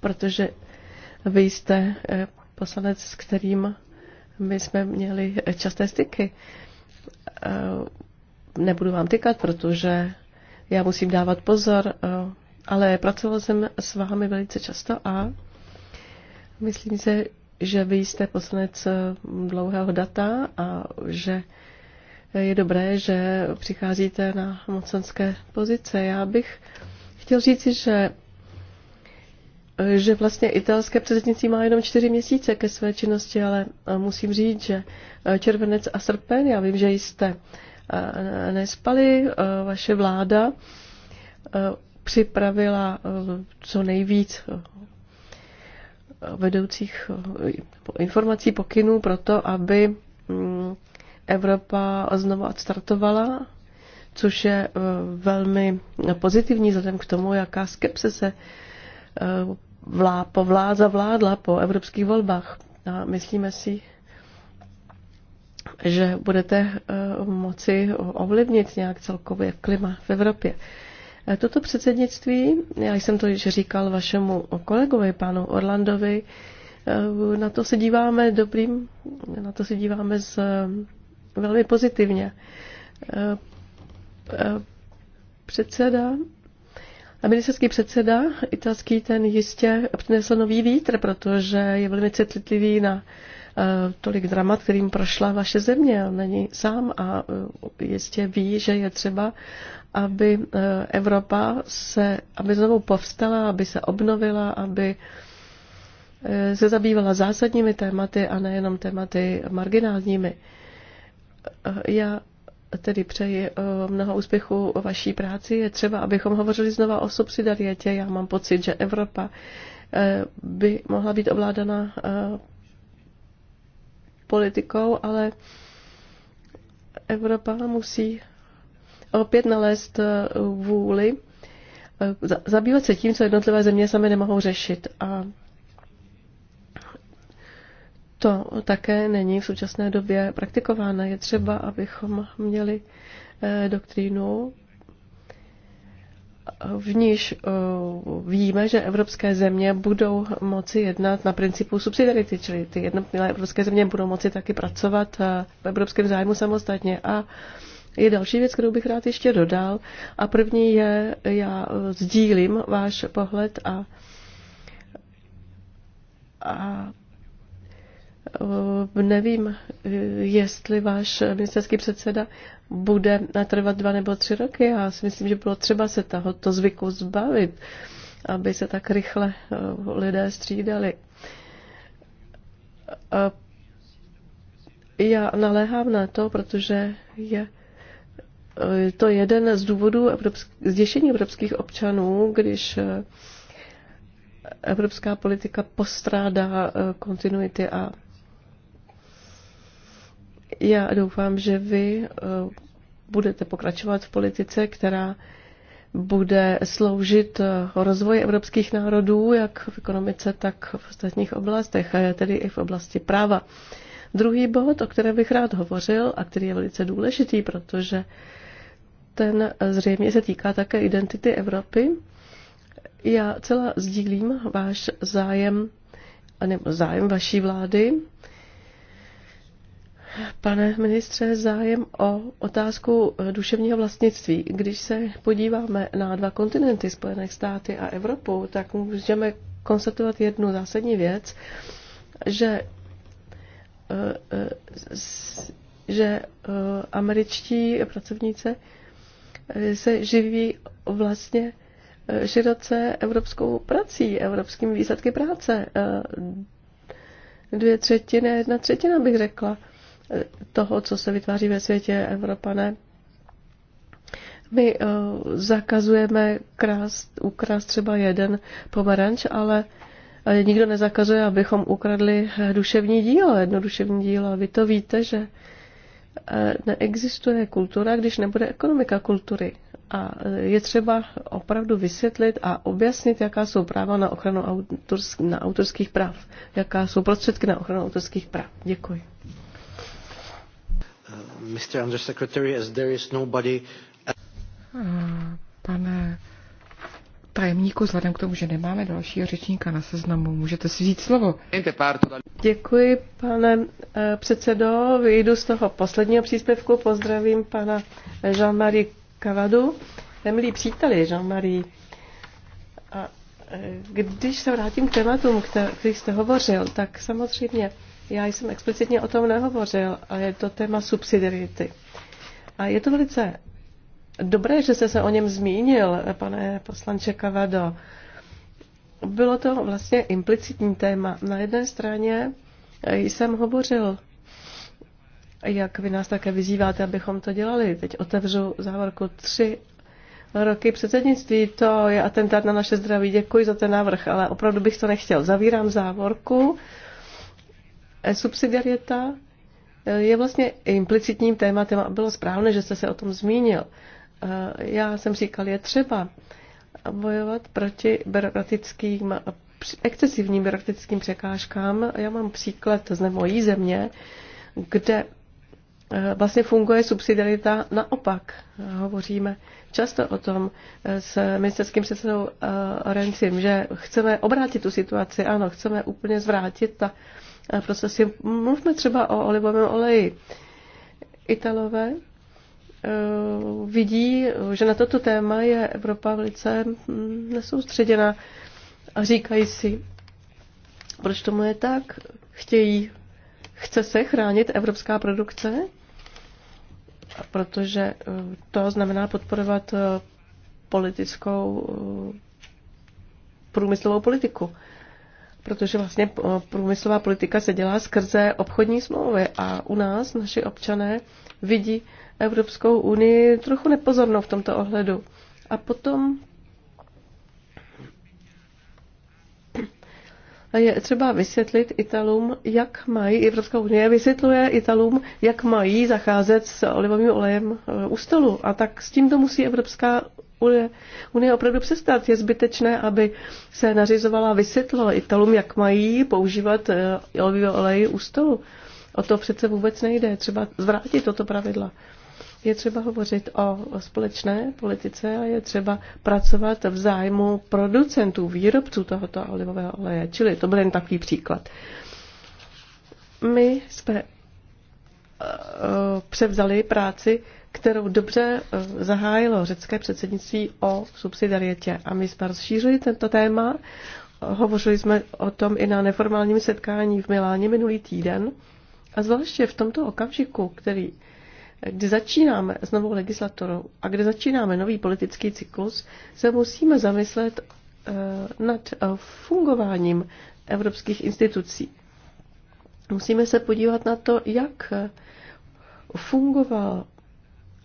protože vy jste eh, poslanec, s kterým my jsme měli časté styky. Eh, nebudu vám tykat, protože já musím dávat pozor, eh, ale pracoval jsem s vámi velice často a myslím si, že vy jste poslanec dlouhého data a že je dobré, že přicházíte na mocenské pozice. Já bych chtěl říci, že že vlastně italské předsednictví má jenom čtyři měsíce ke své činnosti, ale musím říct, že e, červenec a srpen, já vím, že jste e, nespali, e, vaše vláda připravila co nejvíc vedoucích informací pokynů pro to, aby mm, Evropa znovu odstartovala, což je velmi pozitivní vzhledem k tomu, jaká skepse se vlá, povlá, zavládla po evropských volbách. A myslíme si, že budete eh, moci ovlivnit nějak celkově klima v Evropě. Eh, toto předsednictví, já jsem to již říkal vašemu kolegovi, panu Orlandovi, eh, na to se díváme dobrým, na to se díváme z, velmi pozitivně. Předseda a ministerský předseda italský ten jistě přinesl nový vítr, protože je velmi citlivý na eh, tolik dramat, kterým prošla vaše země. On není sám a eh, jistě ví, že je třeba, aby eh, Evropa se, aby znovu povstala, aby se obnovila, aby se zabývala zásadními tématy a nejenom tématy marginálními. Já tedy přeji eh, mnoho úspěchu o vaší práci. Je třeba, abychom hovořili znova o subsidiarietě. Já mám pocit, že Evropa eh, by mohla být ovládána eh, politikou, ale Evropa musí opět nalézt vůli zabývat se tím, co jednotlivé země sami nemohou řešit. A to také není v současné době praktikováno. Je třeba, abychom měli eh, doktrínu, v níž eh, víme, že evropské země budou moci jednat na principu subsidiarity, čili ty jednotlivé evropské země budou moci taky pracovat eh, v evropském zájmu samostatně. A je další věc, kterou bych rád ještě dodal. A první je, já sdílím váš pohled a, a Eh, nevím, eh, jestli váš ministerský předseda bude trvat dva nebo tři roky. Já si myslím, že bylo třeba se tohoto zvyku zbavit, aby se tak rychle eh, lidé střídali. Já naléhám na to, protože je to jeden z důvodů evropsk- zděšení evropských občanů, když evropská politika postrádá kontinuity a já doufám, že vy eh, budete pokračovat v politice, která bude sloužit eh, rozvoji evropských národů, jak v ekonomice, tak v ostatních oblastech, a tedy i v oblasti práva. Druhý bod, o kterém bych rád hovořil a který je velice důležitý, protože ten eh, zřejmě se týká také identity Evropy. Já celá sdílím váš zájem, nebo zájem vaší vlády, Pane ministře, zájem o otázku eh, duševního vlastnictví. Když se podíváme na dva kontinenty, Spojené státy a Evropu, tak můžeme konstatovat jednu zásadní věc, že, eh, eh, že američtí pracovníci se živí vlastně široce evropskou prací, evropskými výsledky práce. Dvě třetiny, jedna třetina bych řekla toho, co se vytváří ve světě Evropané. My uh, zakazujeme krást, ukrást třeba jeden pomeranč, ale eh, nikdo nezakazuje, abychom ukradli duševní dílo, jedno duševní dílo. Vy to víte, že eh, neexistuje kultura, když nebude ekonomika kultury. A je třeba opravdu vysvětlit a objasnit, jaká jsou práva na ochranu autorsk- na autorských práv, jaká jsou prostředky na ochranu autorských práv. Děkuji. Uh, Mr. Undersecretary, as there is nobody... Pane tajemníku, vzhledem k tomu, že nemáme dalšího řečníka na seznamu, můžete si vzít slovo. Děkuji, pane eh, předsedo. Vyjdu z toho posledního příspěvku. Pozdravím pana Jean-Marie Kavadu. Nemilí příteli, Jean-Marie, a eh, když se vrátím k tématům, o kterých jste hovořil, tak samozřejmě já jsem explicitně o tom nehovořil a je to téma subsidiarity. A je to velice dobré, že jste se o něm zmínil, pane poslanče Kavado. Bylo to vlastně implicitní téma. Na jedné straně jsem hovořil, jak vy nás také vyzýváte, abychom to dělali. Teď otevřu závorku tři roky předsednictví, to je atentát na naše zdraví. Děkuji za ten návrh, ale opravdu bych to nechtěl. Zavírám závorku Subsidiarita je vlastně implicitním tématem a bylo správné, že jste se o tom zmínil. Já jsem říkal, je třeba bojovat proti byrokratickým, excesivním byrokratickým překážkám. Já mám příklad z mojí země, kde e, vlastně funguje subsidiarita naopak. Hovoříme často o tom e, s ministerským předsedou e, Rencim, že chceme obrátit tu situaci, ano, chceme úplně zvrátit ta procesy. Mluvme třeba o olivovém oleji. Italové eh, vidí, že na toto téma je Evropa velice hm, nesoustředěna a říkají si, proč tomu je tak? Chtějí, chce se chránit evropská produkce, protože eh, to znamená podporovat eh, politickou průmyslovou politiku protože vlastně eh, průmyslová politika se dělá skrze obchodní smlouvy a u nás naši občané vidí Evropskou unii trochu nepozornou v tomto ohledu. A potom je třeba vysvětlit Italům, jak mají, Evropská unie vysvětluje Italům, jak mají zacházet s olivovým olejem eh, u stolu. A tak s tím to musí Evropská Unie opravdu přestat. Je zbytečné, aby se nařizovala a Italům, jak mají používat eh, olivový olej u stolu. O to přece vůbec nejde. Třeba zvrátit toto pravidla. Je třeba hovořit o společné politice a je třeba pracovat v zájmu producentů, výrobců tohoto olivového oleje. Čili to byl jen takový příklad. My jsme eh, eh, převzali práci kterou dobře eh, zahájilo řecké předsednictví o subsidiarietě. A my jsme rozšířili tento téma. Hovořili jsme o tom i na neformálním setkání v Miláně minulý týden. A zvláště v tomto okamžiku, který, kdy začínáme s novou legislatorou a kdy začínáme nový politický cyklus, se musíme zamyslet eh, nad eh, fungováním evropských institucí. Musíme se podívat na to, jak fungoval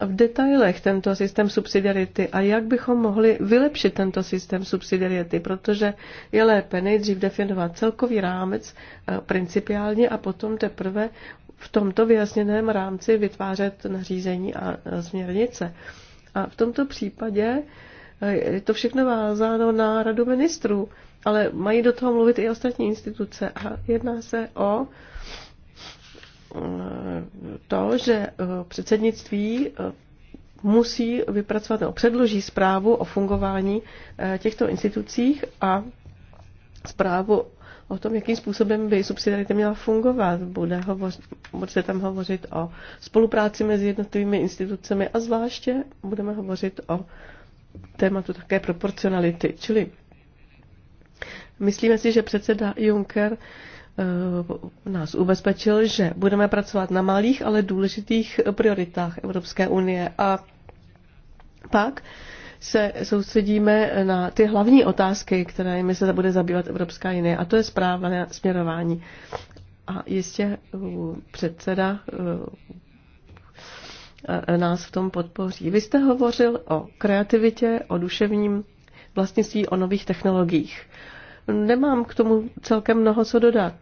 v detailech tento systém subsidiarity a jak bychom mohli vylepšit tento systém subsidiarity, protože je lépe nejdřív definovat celkový rámec eh, principiálně a potom teprve v tomto vyjasněném rámci vytvářet nařízení a eh, směrnice. A v tomto případě eh, je to všechno vázáno na radu ministrů, ale mají do toho mluvit i ostatní instituce a jedná se o to, že eh, předsednictví eh, musí vypracovat nebo předloží zprávu o fungování eh, těchto institucích a zprávu o tom, jakým způsobem by subsidiarita měla fungovat. Bude, hovoř, bude se tam hovořit o spolupráci mezi jednotlivými institucemi a zvláště budeme hovořit o tématu také proporcionality. Čili myslíme si, že předseda Juncker Eh, nás ubezpečil, že budeme pracovat na malých, ale důležitých prioritách Evropské unie. A pak se soustředíme na ty hlavní otázky, kterými se bude zabývat Evropská unie. A to je správné směrování. A jistě eh, předseda eh, nás v tom podpoří. Vy jste hovořil o kreativitě, o duševním vlastnictví, o nových technologiích nemám k tomu celkem mnoho co dodat.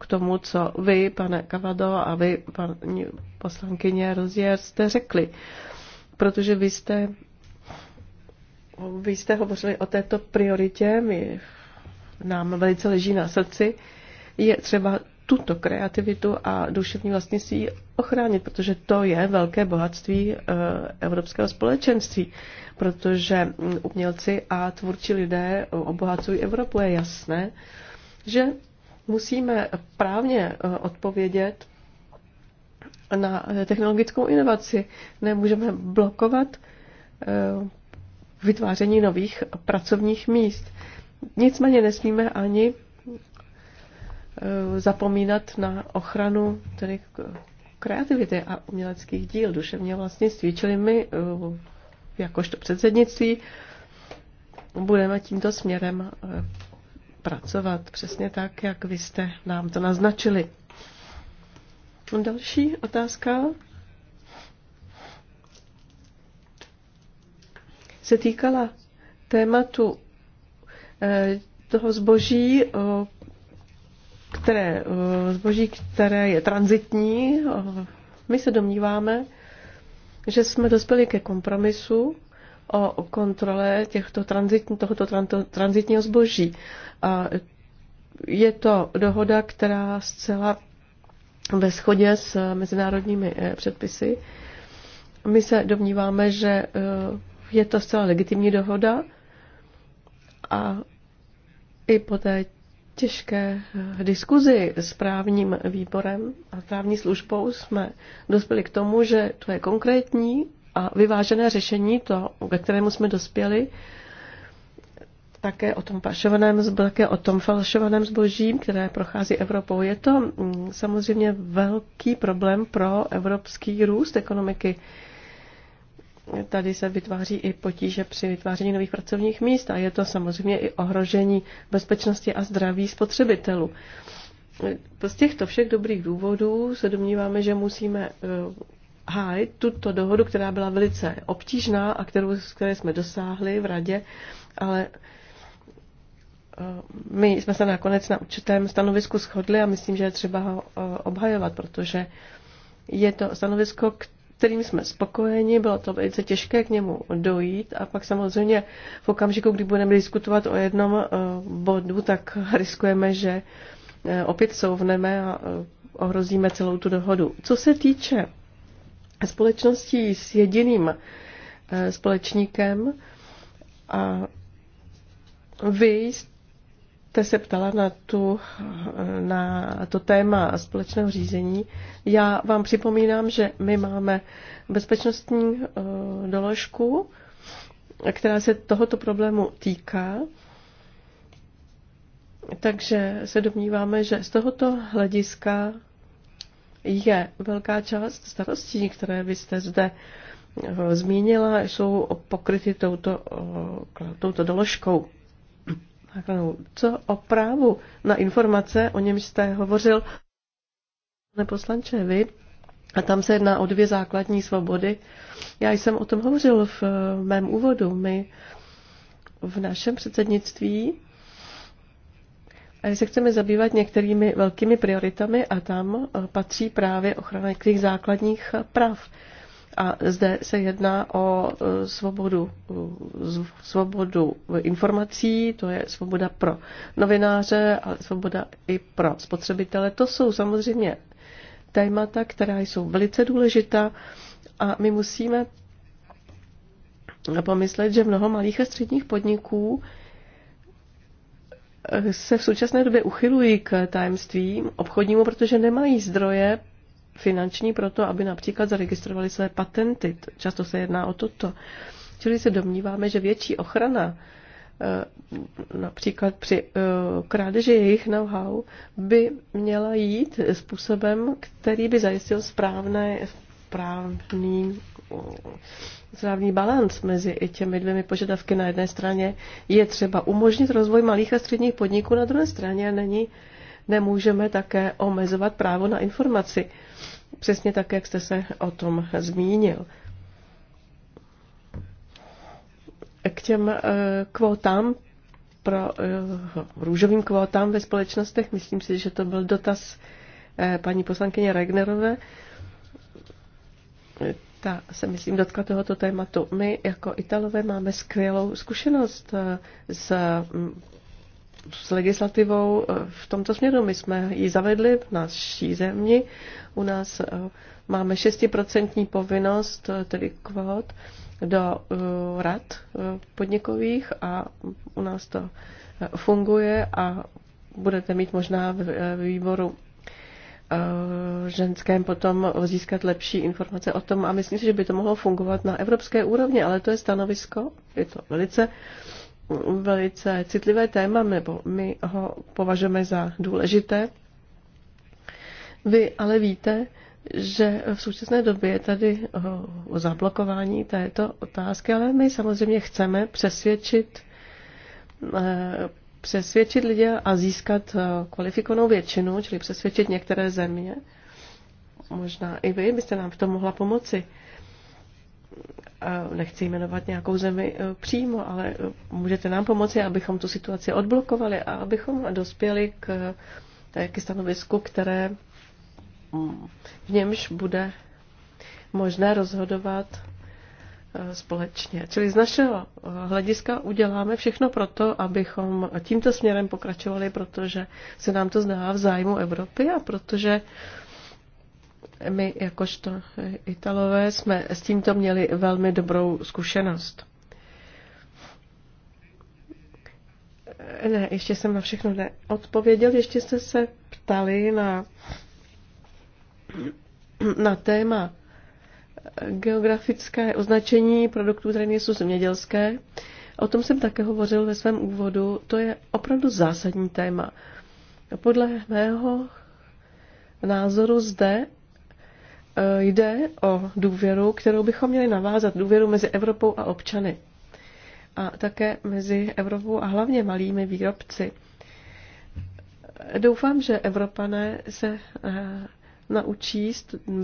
K tomu, co vy, pane Kavado, a vy, paní poslankyně Rozier, jste řekli. Protože vy jste, vy jste hovořili o této prioritě, my, nám velice leží na srdci. Je třeba tuto kreativitu a duševní vlastnictví ochránit, protože to je velké bohatství eh, evropského společenství, protože hm, umělci a tvůrčí lidé eh, obohacují Evropu. Je jasné, že musíme právně eh, odpovědět na technologickou inovaci. Nemůžeme blokovat vytváření nových pracovních míst. Nicméně nesmíme ani Eh, zapomínat na ochranu tedy kreativity a uměleckých díl, duševního vlastnictví. Čili my, eh, jakožto předsednictví, budeme tímto směrem eh, pracovat přesně tak, jak vy jste nám to naznačili. Další otázka se týkala tématu toho zboží, které eh, zboží, které je transitní. Eh, my se domníváme, že jsme dospěli ke kompromisu o kontrole těchto transit, tohoto transitního zboží. A je to dohoda, která zcela ve shodě s eh, mezinárodními předpisy. My se domníváme, že je to zcela legitimní dohoda a i poté, těžké eh, diskuzi s právním výborem a právní službou jsme dospěli k tomu, že to je konkrétní a vyvážené řešení, to, ke kterému jsme dospěli, také o tom pašovaném zboží, také o tom falšovaném zboží, které prochází Evropou. Je to mm, samozřejmě velký problém pro evropský růst ekonomiky tady se vytváří i potíže při vytváření nových pracovních míst a je to samozřejmě i ohrožení bezpečnosti a zdraví spotřebitelů. Z těchto všech dobrých důvodů se domníváme, že musíme eh, hájit tuto dohodu, která byla velice obtížná a kterou, které jsme dosáhli v radě, ale eh, my jsme se nakonec na určitém stanovisku shodli a myslím, že je třeba ho eh, obhajovat, protože je to stanovisko, kterým jsme spokojeni, bylo to velice těžké k němu dojít a pak samozřejmě v okamžiku, kdy budeme diskutovat o jednom eh, bodu, tak riskujeme, že eh, opět souvneme a eh, ohrozíme celou tu dohodu. Co se týče společností s jediným společníkem, a vy jste se ptala na, tu, na to téma společného řízení. Já vám připomínám, že my máme bezpečnostní eh, doložku, která se tohoto problému týká. Takže se domníváme, že z tohoto hlediska je velká část starostí, které vy jste zde eh, zmínila, jsou pokryty touto, eh, touto doložkou. Co o právu na informace, o němž jste hovořil, pane poslanče, vy, a tam se jedná o dvě základní svobody. Já jsem o tom hovořil v eh, mém úvodu. My v našem předsednictví eh, se chceme zabývat některými velkými prioritami a tam eh, patří právě ochrana některých základních práv. A zde se jedná o e, svobodu, e, svobodu informací, to je svoboda pro novináře, ale svoboda i pro spotřebitele. To jsou samozřejmě témata, která jsou velice důležitá a my musíme pomyslet, že mnoho malých a středních podniků se v současné době uchylují k tajemstvím obchodnímu, protože nemají zdroje finanční pro to, aby například zaregistrovali své patenty. Často se jedná o toto. Čili se domníváme, že větší ochrana e, například při e, krádeži jejich know-how by měla jít způsobem, který by zajistil správné, správný správný balans mezi těmi dvěmi požadavky. Na jedné straně je třeba umožnit rozvoj malých a středních podniků, na druhé straně není nemůžeme také omezovat právo na informaci. Přesně tak, jak jste se o tom zmínil. K těm eh, kvótám pro eh, růžovým kvótám ve společnostech. Myslím si, že to byl dotaz eh, paní poslankyně Regnerové. Ta se, myslím, dotkla tohoto tématu. My jako Italové máme skvělou zkušenost s mm, s legislativou eh, v tomto směru. My jsme ji zavedli v naší zemi. U nás eh, máme 6% povinnost, eh, tedy kvót, do rad podnikových a u nás to funguje a budete mít možná v výboru ženském potom získat lepší informace o tom a myslím si, že by to mohlo fungovat na evropské úrovni, ale to je stanovisko, je to velice velice citlivé téma, nebo my ho považujeme za důležité. Vy ale víte, že v současné době je tady eh, o zablokování této otázky, ale my samozřejmě chceme přesvědčit, eh, přesvědčit lidi a získat eh, kvalifikovanou většinu, čili přesvědčit některé země. Možná i vy byste nám v tom mohla pomoci nechci jmenovat nějakou zemi e, přímo, ale e, můžete nám pomoci, abychom tu situaci odblokovali a abychom dospěli k, k stanovisku, které mm, v němž bude možné rozhodovat e, společně. Čili z našeho hlediska uděláme všechno proto, abychom tímto směrem pokračovali, protože se nám to zdá v zájmu Evropy a protože uh, my, jakožto Italové, jsme s tímto měli velmi dobrou zkušenost. Ne, ještě jsem na všechno neodpověděl. Ještě jste se ptali na, na téma geografické označení produktů, které jsou zemědělské. O tom jsem také hovořil ve svém úvodu. To je opravdu zásadní téma. Podle mého názoru zde Eh, jde o důvěru, kterou bychom měli navázat, důvěru mezi Evropou a občany. A také mezi Evropou a hlavně malými výrobci. Doufám, že Evropané se eh, naučí,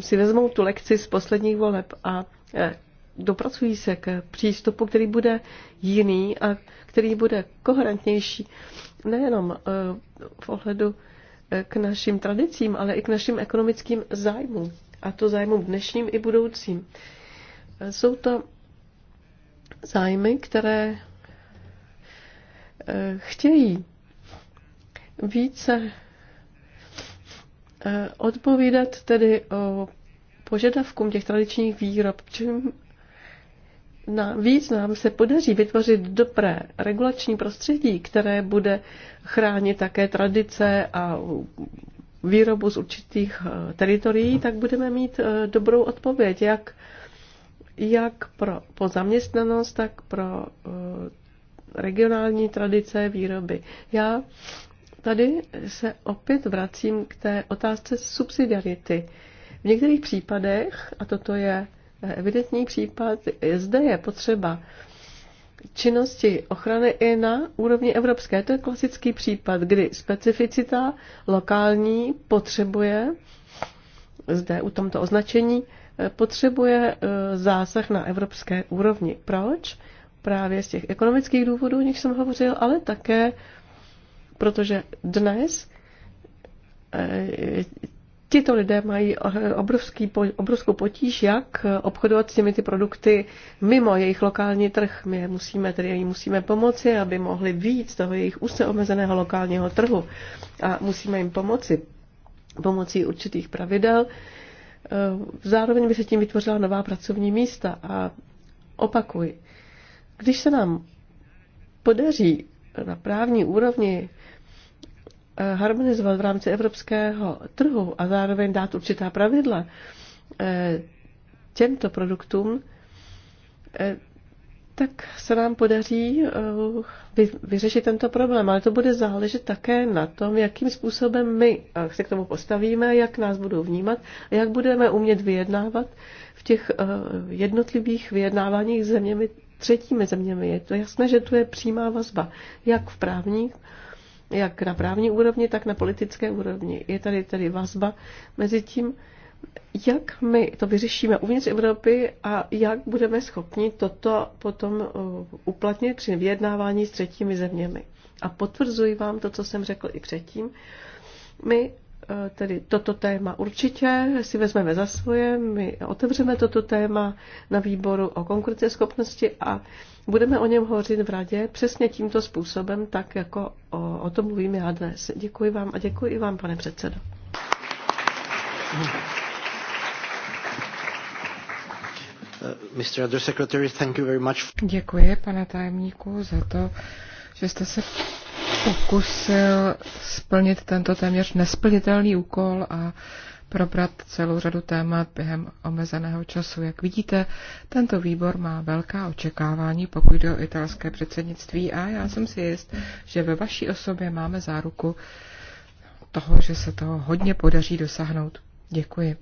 si vezmou tu lekci z posledních voleb a eh, dopracují se k přístupu, který bude jiný a který bude koherentnější nejenom v ohledu k našim tradicím, ale i k našim ekonomickým zájmům a to zájmům dnešním i budoucím. Jsou to zájmy, které eh, chtějí více eh, odpovídat tedy o požadavkům těch tradičních výrob, čím na víc nám se podaří vytvořit dobré regulační prostředí, které bude chránit také tradice a výrobu z určitých eh, teritorií, tak budeme mít eh, dobrou odpověď, jak, jak pro, po zaměstnanost, tak pro eh, regionální tradice výroby. Já tady se opět vracím k té otázce subsidiarity. V některých případech, a toto je evidentní případ, zde je potřeba uh, činnosti ochrany i na úrovni evropské. To je klasický případ, kdy specificita lokální potřebuje, zde u tomto označení, eh, potřebuje eh, zásah na evropské úrovni. Proč? Právě z těch ekonomických důvodů, o nich jsem hovořil, ale také protože dnes eh, Tito lidé mají obrovský, obrovskou potíž, jak obchodovat s těmi ty produkty mimo jejich lokální trh. My je musíme, tedy jim musíme pomoci, aby mohli víc toho jejich úzce omezeného lokálního trhu. A musíme jim pomoci pomocí určitých pravidel. Eh, zároveň by se tím vytvořila nová pracovní místa. A opakuj, když se nám podaří na právní úrovni Eh, harmonizovat v rámci evropského trhu a zároveň dát určitá pravidla eh, těmto produktům, eh, tak se nám podaří vyřešit tento problém. Ale to bude záležet také na tom, jakým způsobem my se k tomu postavíme, jak nás budou vnímat a jak budeme umět vyjednávat v těch jednotlivých vyjednáváních zeměmi, třetími zeměmi. Je to jasné, že tu je přímá vazba, jak v právních jak na právní úrovni, tak na politické úrovni. Je tady tady vazba mezi tím, jak my to vyřešíme uvnitř Evropy a jak budeme schopni toto potom eh, uplatnit při vyjednávání s třetími zeměmi. A potvrzuji vám to, co jsem řekl i předtím. My eh, tedy toto téma určitě si vezmeme za svoje, my otevřeme toto téma na výboru o konkurenceschopnosti a Budeme o něm hovořit v radě přesně tímto způsobem, tak jako o, o tom mluvím já dnes. Děkuji vám a děkuji i vám, pane předsedo. Uh, Mr. Undersecretary, thank you very much. Děkuji, pane tajemníku, za to, že jste se pokusil splnit tento téměř nesplnitelný úkol a probrat celou řadu témat během omezeného času. Jak vidíte, tento výbor má velká očekávání, pokud jde o italské předsednictví a já jsem si jist, že ve vaší osobě máme záruku toho, že se toho hodně podaří dosáhnout. Děkuji.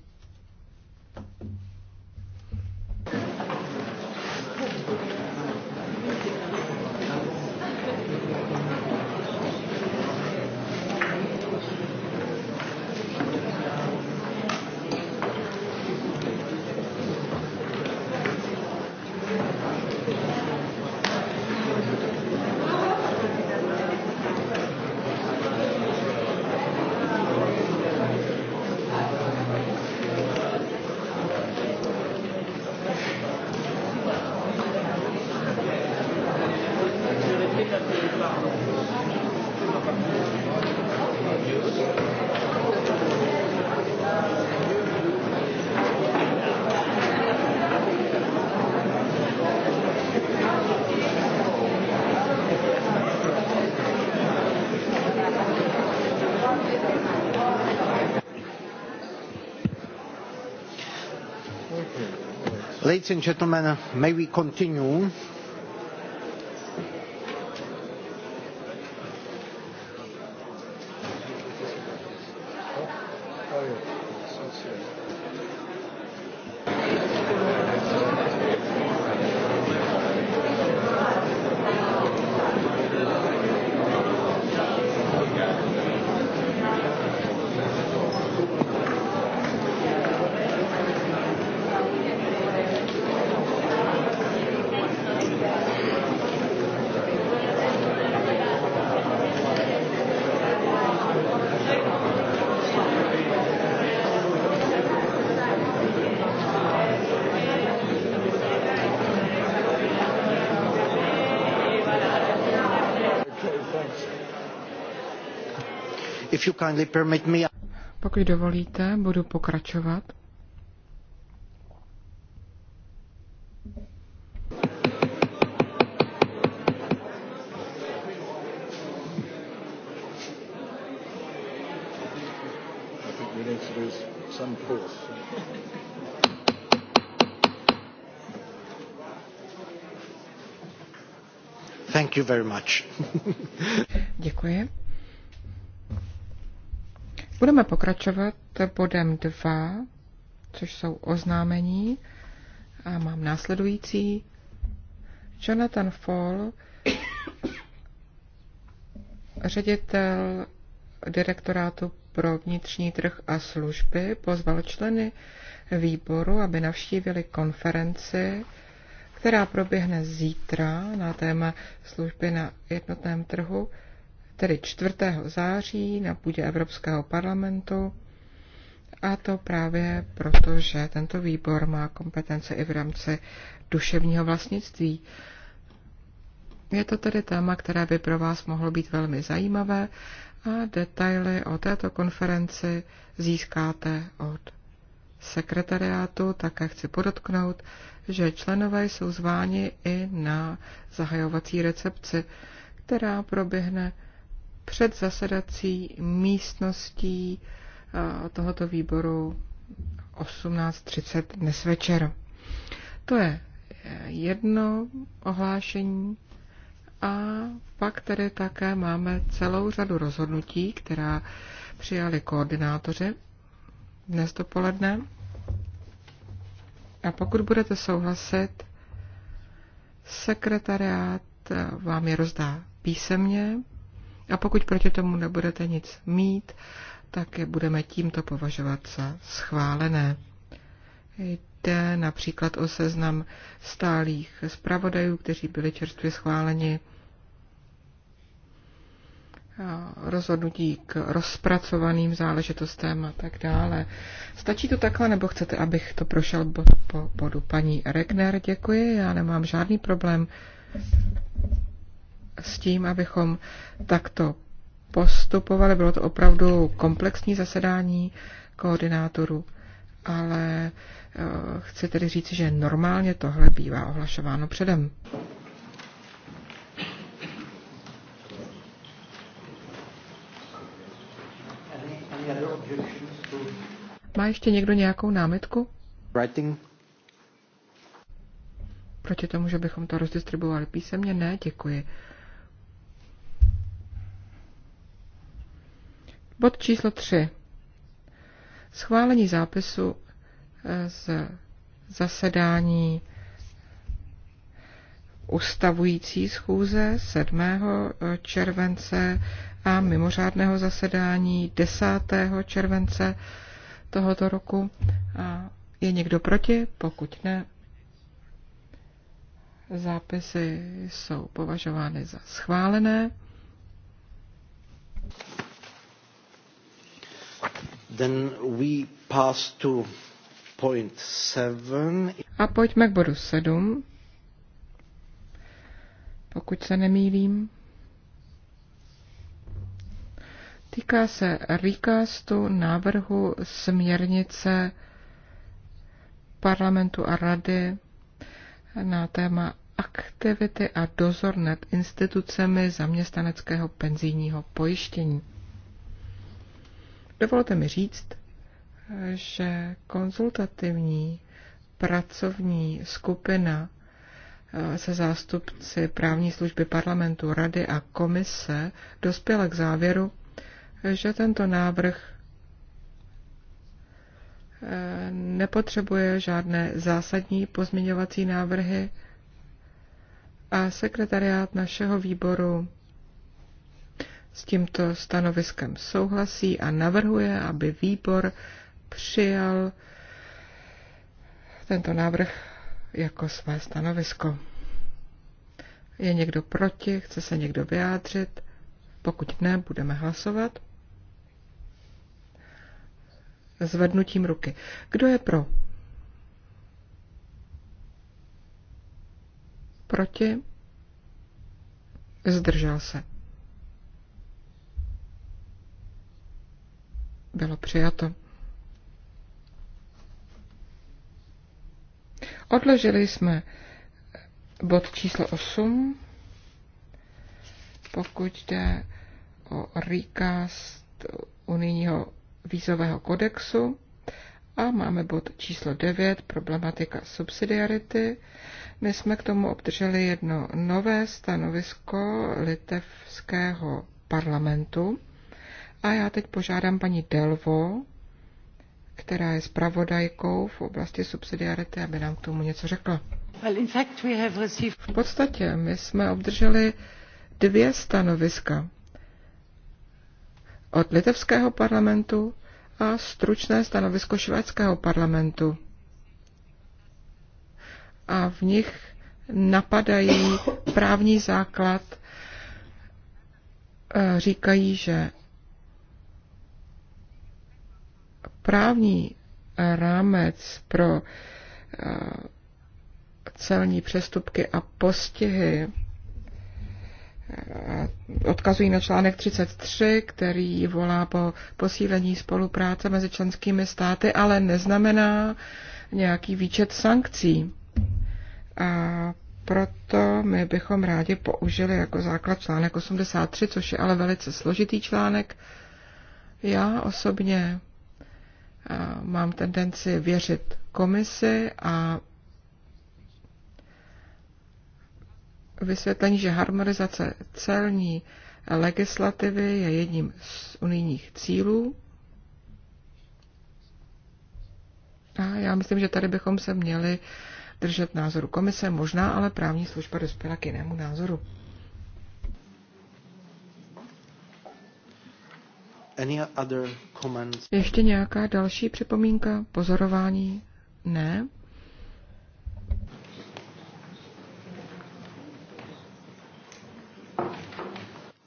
Ladies and gentlemen, may we continue? Pokud dovolíte, budu pokračovat. Děkuji. Budeme pokračovat bodem 2, což jsou oznámení. A mám následující. Jonathan Fall, ředitel direktorátu pro vnitřní trh a služby, pozval členy výboru, aby navštívili konferenci, která proběhne zítra na téma služby na jednotném trhu tedy 4. září na půdě Evropského parlamentu. A to právě proto, že tento výbor má kompetence i v rámci duševního vlastnictví. Je to tedy téma, které by pro vás mohlo být velmi zajímavé a detaily o této konferenci získáte od sekretariátu. Také chci podotknout, že členové jsou zváni i na zahajovací recepci, která proběhne před zasedací místností eh, tohoto výboru 18.30 dnes večer. To je eh, jedno ohlášení a pak tedy také máme celou řadu rozhodnutí, která přijali koordinátoři dnes dopoledne. A pokud budete souhlasit, sekretariát eh, vám je rozdá písemně a pokud proti tomu nebudete nic mít, tak je budeme tímto považovat za schválené. Jde například o seznam stálých zpravodajů, kteří byli čerstvě schváleni rozhodnutí k rozpracovaným záležitostem a tak dále. Stačí to takhle, nebo chcete, abych to prošel po bodu? Paní Regner, děkuji, já nemám žádný problém s tím, abychom takto postupovali. Bylo to opravdu komplexní zasedání koordinátorů, ale eh, chci tedy říct, že normálně tohle bývá ohlašováno předem. Má ještě někdo nějakou námitku? Writing. Proti tomu, že bychom to rozdistribuovali písemně? Ne, děkuji. Bod číslo 3. Schválení zápisu eh, z zasedání ustavující schůze 7. Eh, července a mimořádného zasedání 10. července tohoto roku. A je někdo proti? Pokud ne, zápisy jsou považovány za schválené. Then we pass to point seven. A pojďme k bodu 7, pokud se nemýlím. Týká se recastu návrhu směrnice parlamentu a rady na téma aktivity a dozor nad institucemi zaměstnaneckého penzijního pojištění. Dovolte mi říct, že konzultativní pracovní skupina eh, se zástupci právní služby parlamentu, rady a komise dospěla k závěru, že tento návrh eh, nepotřebuje žádné zásadní pozměňovací návrhy a sekretariát našeho výboru s tímto stanoviskem souhlasí a navrhuje, aby výbor přijal tento návrh jako své stanovisko. Je někdo proti? Chce se někdo vyjádřit? Pokud ne, budeme hlasovat. Zvednutím ruky. Kdo je pro? Proti? Zdržel se. Bylo přijato. Odložili jsme bod číslo 8, pokud jde o recast unijního vízového kodexu. A máme bod číslo 9, problematika subsidiarity. My jsme k tomu obdrželi jedno nové stanovisko litevského parlamentu. A já teď požádám paní Delvo, která je zpravodajkou v oblasti subsidiarity, aby nám k tomu něco řekla. V podstatě my jsme obdrželi dvě stanoviska od litevského parlamentu a stručné stanovisko švédského parlamentu. A v nich napadají právní základ, e, říkají, že právní rámec pro eh, celní přestupky a postihy eh, odkazují na článek 33, který volá po posílení spolupráce mezi členskými státy, ale neznamená nějaký výčet sankcí. A proto my bychom rádi použili jako základ článek 83, což je ale velice složitý článek. Já osobně mám tendenci věřit komisi a vysvětlení, že harmonizace celní legislativy je jedním z unijních cílů. A já myslím, že tady bychom se měli držet názoru komise, možná ale právní služba dospěla k jinému názoru. Ještě nějaká další připomínka, pozorování? Ne.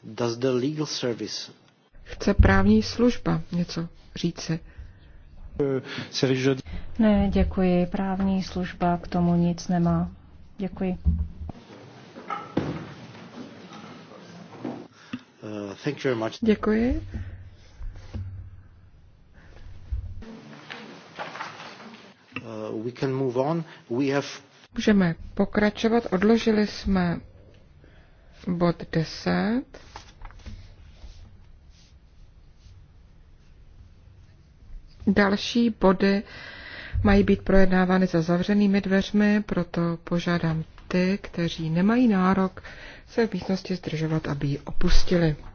Does the legal service... Chce právní služba něco říci? Ne, děkuji. Právní služba k tomu nic nemá. Děkuji. Uh, thank you very much. Děkuji. we can move on. We have... Můžeme pokračovat. Odložili jsme bod 10. Další body mají být projednávány za zavřenými dveřmi, proto požádám ty, kteří nemají nárok se v místnosti zdržovat, aby ji opustili.